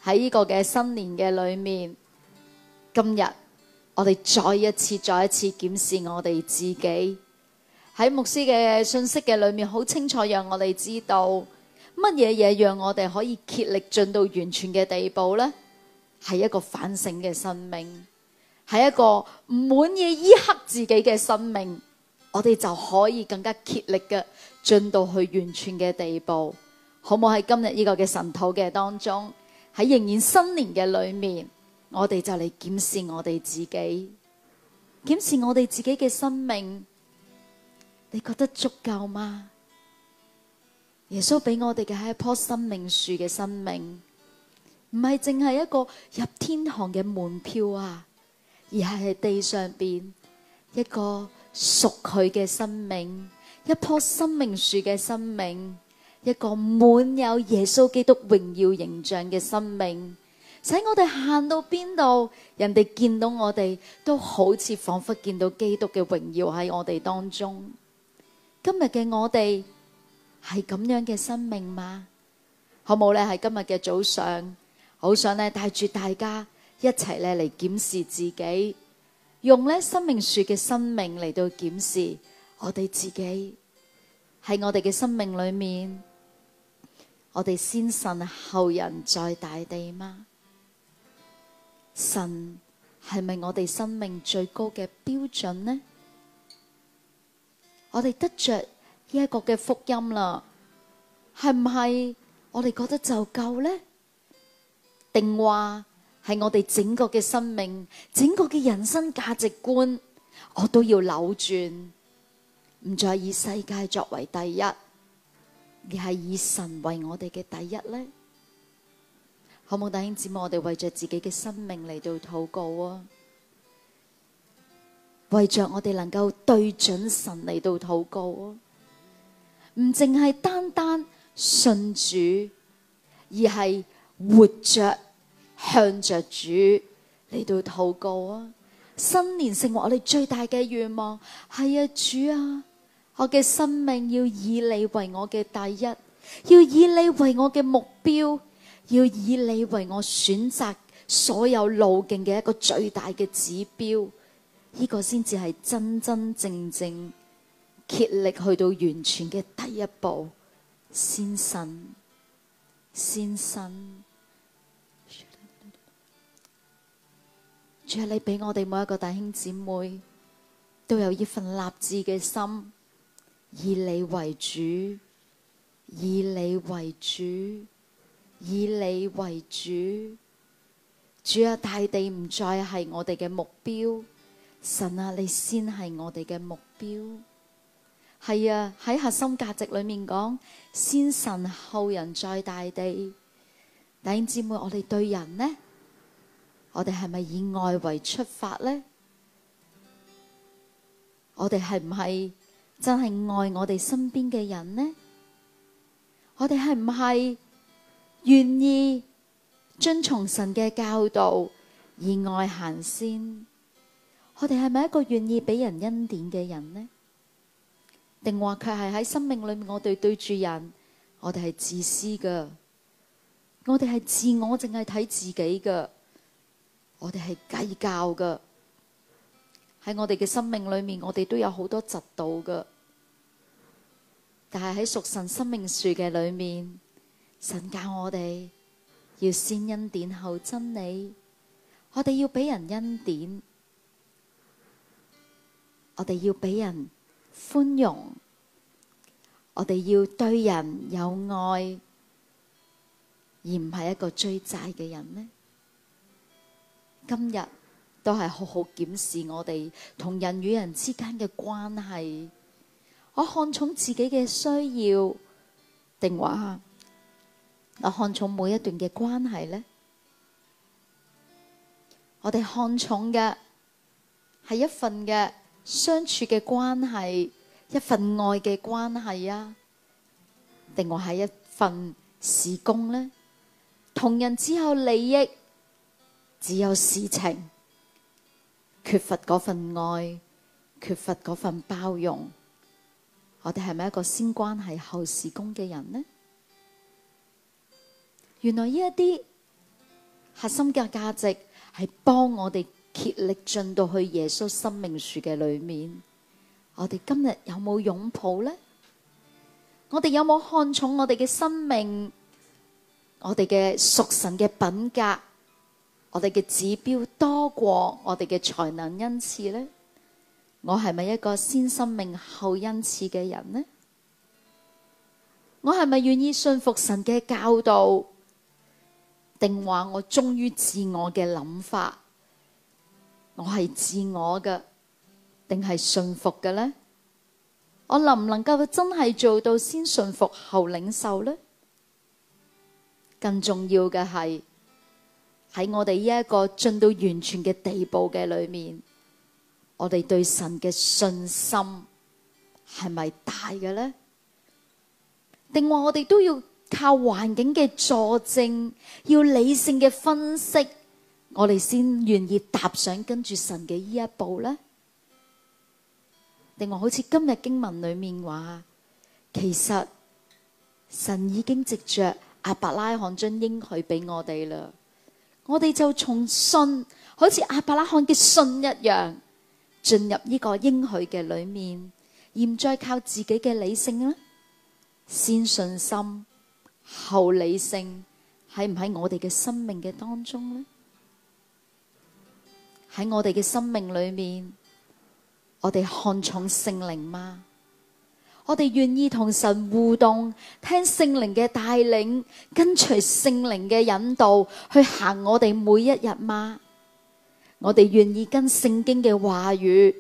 喺呢個嘅新年嘅裏面，今日我哋再一次再一次檢視我哋自己喺牧師嘅信息嘅裏面，好清楚讓我哋知道乜嘢嘢讓我哋可以竭力進到完全嘅地步咧，係一個反省嘅生命。喺一個唔滿意依刻自己嘅生命，我哋就可以更加竭力嘅進到去完全嘅地步，好冇？喺今日呢個嘅神土嘅當中，喺仍然新年嘅裏面，我哋就嚟檢視我哋自己，檢視我哋自己嘅生命，你覺得足夠嗎？耶穌俾我哋嘅係一棵生命樹嘅生命，唔係淨係一個入天堂嘅門票啊！而係喺地上邊一個屬佢嘅生命，一棵生命樹嘅生命，一個滿有耶穌基督榮耀形象嘅生命。使我哋行到邊度，人哋見到我哋都好似仿佛見到基督嘅榮耀喺我哋當中。今日嘅我哋係咁樣嘅生命嗎？好冇？好咧？喺今日嘅早上，好想咧帶住大家。一齊咧嚟檢視自己，用咧生命樹嘅生命嚟到檢視我哋自己，喺我哋嘅生命裏面，我哋先神後人，在大地嗎？神係咪我哋生命最高嘅標準呢？我哋得着呢一個嘅福音啦，係唔係我哋覺得就夠呢？定話？係我哋整個嘅生命，整個嘅人生價值觀，我都要扭轉，唔再以世界作為第一，而係以神為我哋嘅第一呢。好唔好，弟兄姊妹？我哋為着自己嘅生命嚟到禱告啊！為着我哋能夠對準神嚟到禱告啊！唔淨係單單信主，而係活着。向着主嚟到禱告啊！新年成為我哋最大嘅願望，係啊，主啊！我嘅生命要以你為我嘅第一，要以你為我嘅目標，要以你為我選擇所有路徑嘅一個最大嘅指標，呢個先至係真真正正竭力去到完全嘅第一步，先身先身。主啊，你俾我哋每一個弟兄姊妹都有一份立志嘅心，以你為主，以你為主，以你為主。主啊，大地唔再係我哋嘅目標，神啊，你先係我哋嘅目標。係啊，喺核心價值裏面講，先神後人再大地。弟兄姊妹，我哋對人呢？我哋係咪以愛為出發呢？我哋係唔係真係愛我哋身邊嘅人呢？我哋係唔係願意遵從神嘅教導，以愛行先？我哋係咪一個願意俾人恩典嘅人呢？定話佢係喺生命裏面，我哋對住人，我哋係自私噶我哋係自我淨係睇自己噶。我哋係計較噶，喺我哋嘅生命裏面，我哋都有好多嫉妒噶。但係喺屬神生命樹嘅裏面，神教我哋要先恩典後真理，我哋要俾人恩典，我哋要俾人寬容，我哋要對人有愛，而唔係一個追債嘅人呢？今日都係好好檢視我哋同人與人之間嘅關係。我看重自己嘅需要，定話我看重每一段嘅關係呢？我哋看重嘅係一份嘅相處嘅關係，一份愛嘅關係啊，定話係一份事工呢？同人只有利益。只有事情缺乏嗰份愛，缺乏嗰份包容，我哋係咪一個先關係後事工嘅人呢？原來呢一啲核心嘅價值係幫我哋竭力進到去耶穌生命樹嘅裏面。我哋今日有冇擁抱呢？我哋有冇看重我哋嘅生命？我哋嘅屬神嘅品格？我哋嘅指標多過我哋嘅才能，恩賜呢？我係咪一個先生命後恩賜嘅人呢？我係咪願意信服神嘅教導，定話我忠於自我嘅諗法？我係自我嘅，定係信服嘅呢？我能唔能夠真係做到先信服後領受呢？更重要嘅係。喺我哋呢一個進到完全嘅地步嘅裏面，我哋對神嘅信心係咪大嘅呢？定話我哋都要靠環境嘅佐證，要理性嘅分析，我哋先願意踏上跟住神嘅呢一步呢？定話好似今日經文裏面話，其實神已經藉着亞伯拉罕將應許俾我哋啦。我哋就從信，好似亞伯拉罕嘅信一樣，進入呢個應許嘅裏面，而唔再靠自己嘅理性啦。先信心，後理性，喺唔喺我哋嘅生命嘅當中咧？喺我哋嘅生命裏面，我哋看重聖靈嗎？我哋願意同神互動，聽聖靈嘅帶領，跟隨聖靈嘅引導去行我哋每一日嗎？我哋願意跟聖經嘅話語、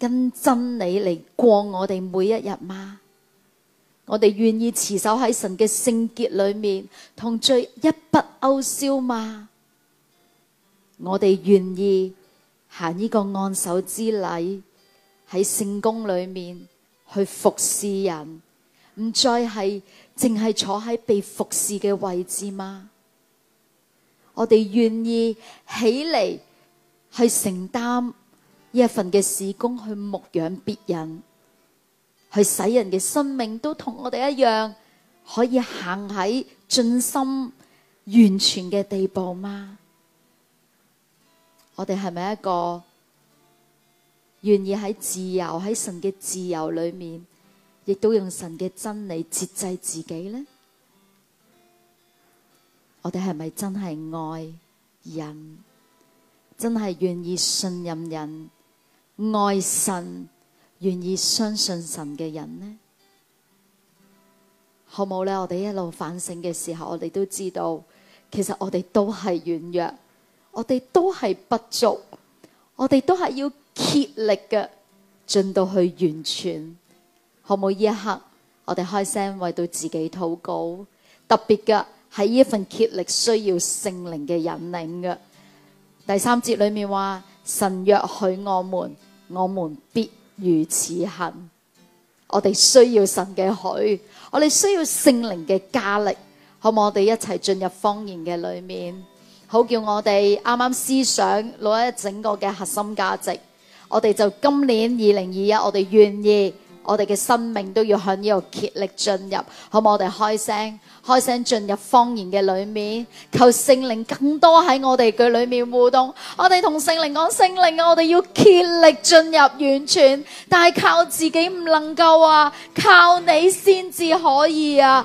跟真理嚟過我哋每一日嗎？我哋願意持守喺神嘅聖潔裏面，同罪一筆勾銷嗎？我哋願意行呢個按手之禮喺聖宮裏面。去服侍人，唔再係淨係坐喺被服侍嘅位置嗎？我哋願意起嚟去承擔一份嘅事工，去牧養別人，去使人嘅生命都同我哋一樣，可以行喺盡心完全嘅地步嗎？我哋係咪一個？願意喺自由喺神嘅自由裏面，亦都用神嘅真理節制自己呢？我哋係咪真係愛人？真係願意信任人、愛神、願意相信神嘅人呢？好冇呢？我哋一路反省嘅時候，我哋都知道，其實我哋都係軟弱，我哋都係不足，我哋都係要。竭力嘅進到去完全，可唔可以呢一刻我哋開聲為到自己禱告？特別嘅係呢一份竭力需要聖靈嘅引領嘅。第三節裏面話，神若許我們，我們必如此行。我哋需要神嘅許，我哋需要聖靈嘅加力，好冇？我哋一齊進入方言嘅裏面，好叫我哋啱啱思想攞一整個嘅核心價值。我哋就今年二零二一，我哋願意，我哋嘅生命都要向呢度竭力進入，好，我哋開聲。開聲進入方言嘅裏面，求聖靈更多喺我哋嘅裏面互動。我哋同聖靈講，聖靈啊，我哋要竭力進入完全，但係靠自己唔能夠啊，靠你先至可以啊。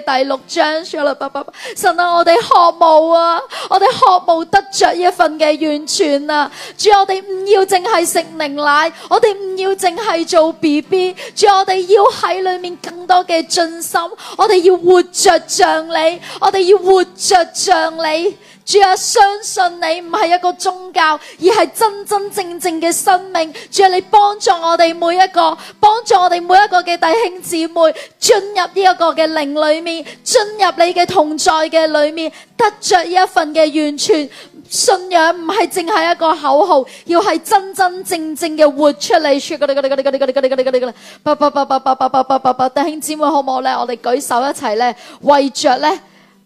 第六章，算啦，八八八，神啊，我哋渴慕啊，我哋渴慕得着一份嘅完全啊！主，我哋唔要淨係食牛奶，我哋唔要淨係做 B B，主，我哋要喺裏面更多嘅盡心，我哋要活着像你，我哋要活着像你。主啊，相信你唔係一個宗教，而係真真正正嘅生命。主啊，你幫助我哋每一個，幫助我哋每一個嘅弟兄姊妹進入呢一個嘅靈裏面，進入你嘅同在嘅裏面，得着呢一份嘅完全信仰，唔係淨係一個口號，要係真真正正嘅活出嚟。嗰弟兄姊妹好唔好呢？我哋舉手一齊呢，為着呢。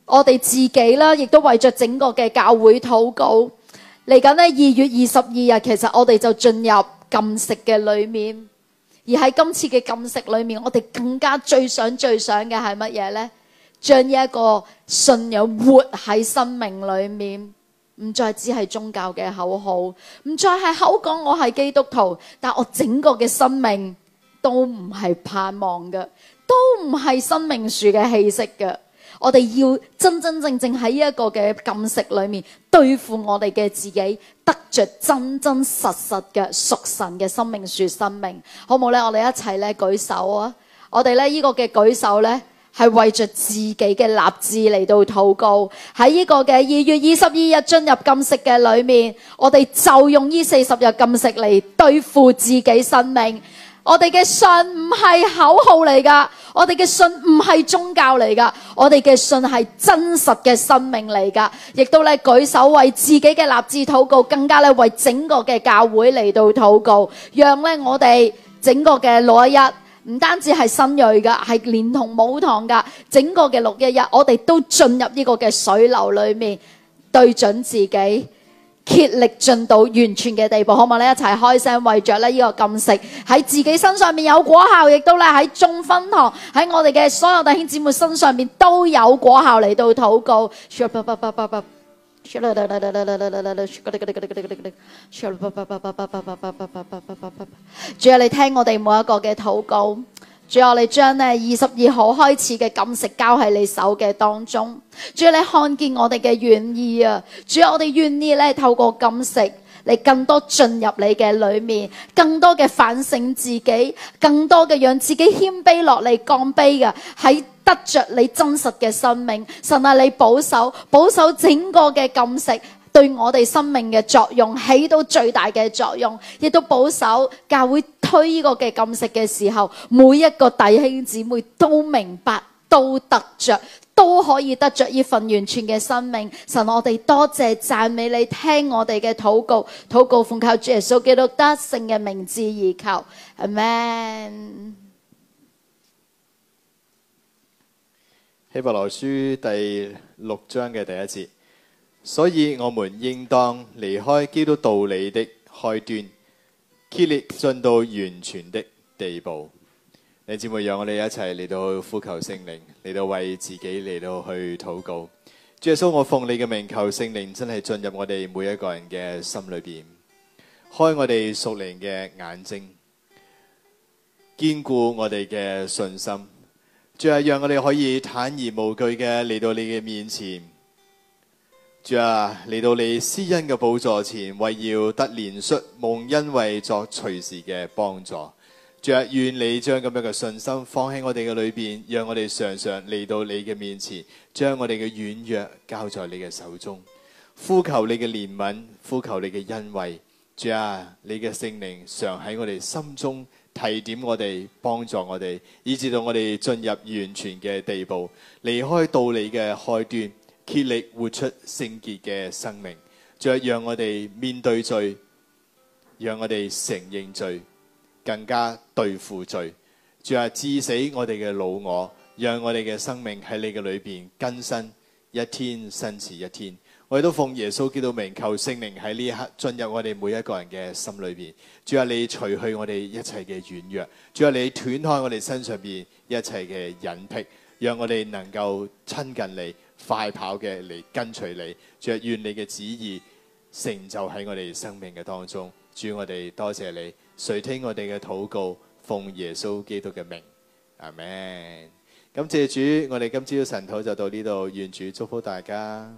我哋自己啦，亦都為着整個嘅教會禱告。嚟緊咧，二月二十二日，其實我哋就進入禁食嘅裏面。而喺今次嘅禁食裏面，我哋更加最想、最想嘅係乜嘢咧？將呢一個信仰活喺生命裏面，唔再只係宗教嘅口號，唔再係口講我係基督徒，但我整個嘅生命都唔係盼望嘅，都唔係生命樹嘅氣息嘅。我哋要真真正正喺呢一個嘅禁食裏面對付我哋嘅自己，得着真真實實嘅屬神嘅生命樹生命，好唔好呢？我哋一齊咧舉手啊！我哋咧呢個嘅舉手呢，係為着自己嘅立志嚟到禱告喺呢個嘅二月二十二日進入禁食嘅裏面，我哋就用呢四十日禁食嚟對付自己生命。我哋嘅信唔係口號嚟㗎，我哋嘅信唔係宗教嚟㗎，我哋嘅信係真實嘅生命嚟㗎，亦都咧舉手為自己嘅立志禱告，更加咧為整個嘅教會嚟到禱告，讓咧我哋整個嘅六一一唔單止係新銳㗎，係連同母堂㗎整個嘅六一一，我哋都進入呢個嘅水流裏面，對準自己。竭力進到完全嘅地步，可唔可以咧？一齊開聲為著呢呢個禁食喺自己身上面有果效，亦都咧喺中分堂喺我哋嘅所有弟兄姊妹身上面都有果效嚟到禱告。仲有，你聽我哋每一個嘅禱告。主，要你將二十二號開始嘅禁食交喺你手嘅當中。主，要你看見我哋嘅願意啊！主，要我哋願意透過禁食，嚟更多進入你嘅裏面，更多嘅反省自己，更多嘅讓自己謙卑落嚟降卑嘅，喺得着你真實嘅生命。神啊，你保守，保守整個嘅禁食。對我哋生命嘅作用起到最大嘅作用，亦都保守教會推呢個嘅禁食嘅時候，每一個弟兄姊妹都明白，都得着，都可以得着呢份完全嘅生命。神，我哋多謝讚美你，聽我哋嘅禱告，禱告奉靠主耶穌基督得勝嘅名字而求，阿門。希伯來書第六章嘅第一節。所以，我們應當離開基督道理的開端，竭力進到完全的地步。你姊妹，讓我哋一齊嚟到呼求聖靈，嚟到為自己嚟到去禱告。主耶穌，我奉你嘅名求聖靈，真係進入我哋每一個人嘅心裏邊，開我哋屬靈嘅眼睛，堅固我哋嘅信心。主啊，讓我哋可以坦然無懼嘅嚟到你嘅面前。主啊，嚟到你施恩嘅寶座前，為要得憐恤、蒙恩惠作隨時嘅幫助。主啊，願你將咁樣嘅信心放喺我哋嘅裏邊，讓我哋常常嚟到你嘅面前，將我哋嘅軟弱交在你嘅手中，呼求你嘅憐憫，呼求你嘅恩惠。主啊，你嘅聖靈常喺我哋心中提點我哋，幫助我哋，以致到我哋進入完全嘅地步，離開到你嘅開端。竭力活出聖潔嘅生命，仲有，讓我哋面對罪，讓我哋承認罪，更加對付罪。仲有，治死我哋嘅老我，讓我哋嘅生命喺你嘅裏邊更新，一天新似一天。我哋都奉耶穌基督名求聖靈喺呢一刻進入我哋每一個人嘅心裏邊。仲有，你除去我哋一切嘅軟弱，仲有，你斷開我哋身上邊一切嘅隱僻，讓我哋能夠親近你。快跑嘅嚟跟隨你，着願你嘅旨意成就喺我哋生命嘅當中。主我哋多謝你，垂聽我哋嘅禱告，奉耶穌基督嘅名，阿門。咁謝主，我哋今朝嘅神討就到呢度，願主祝福大家。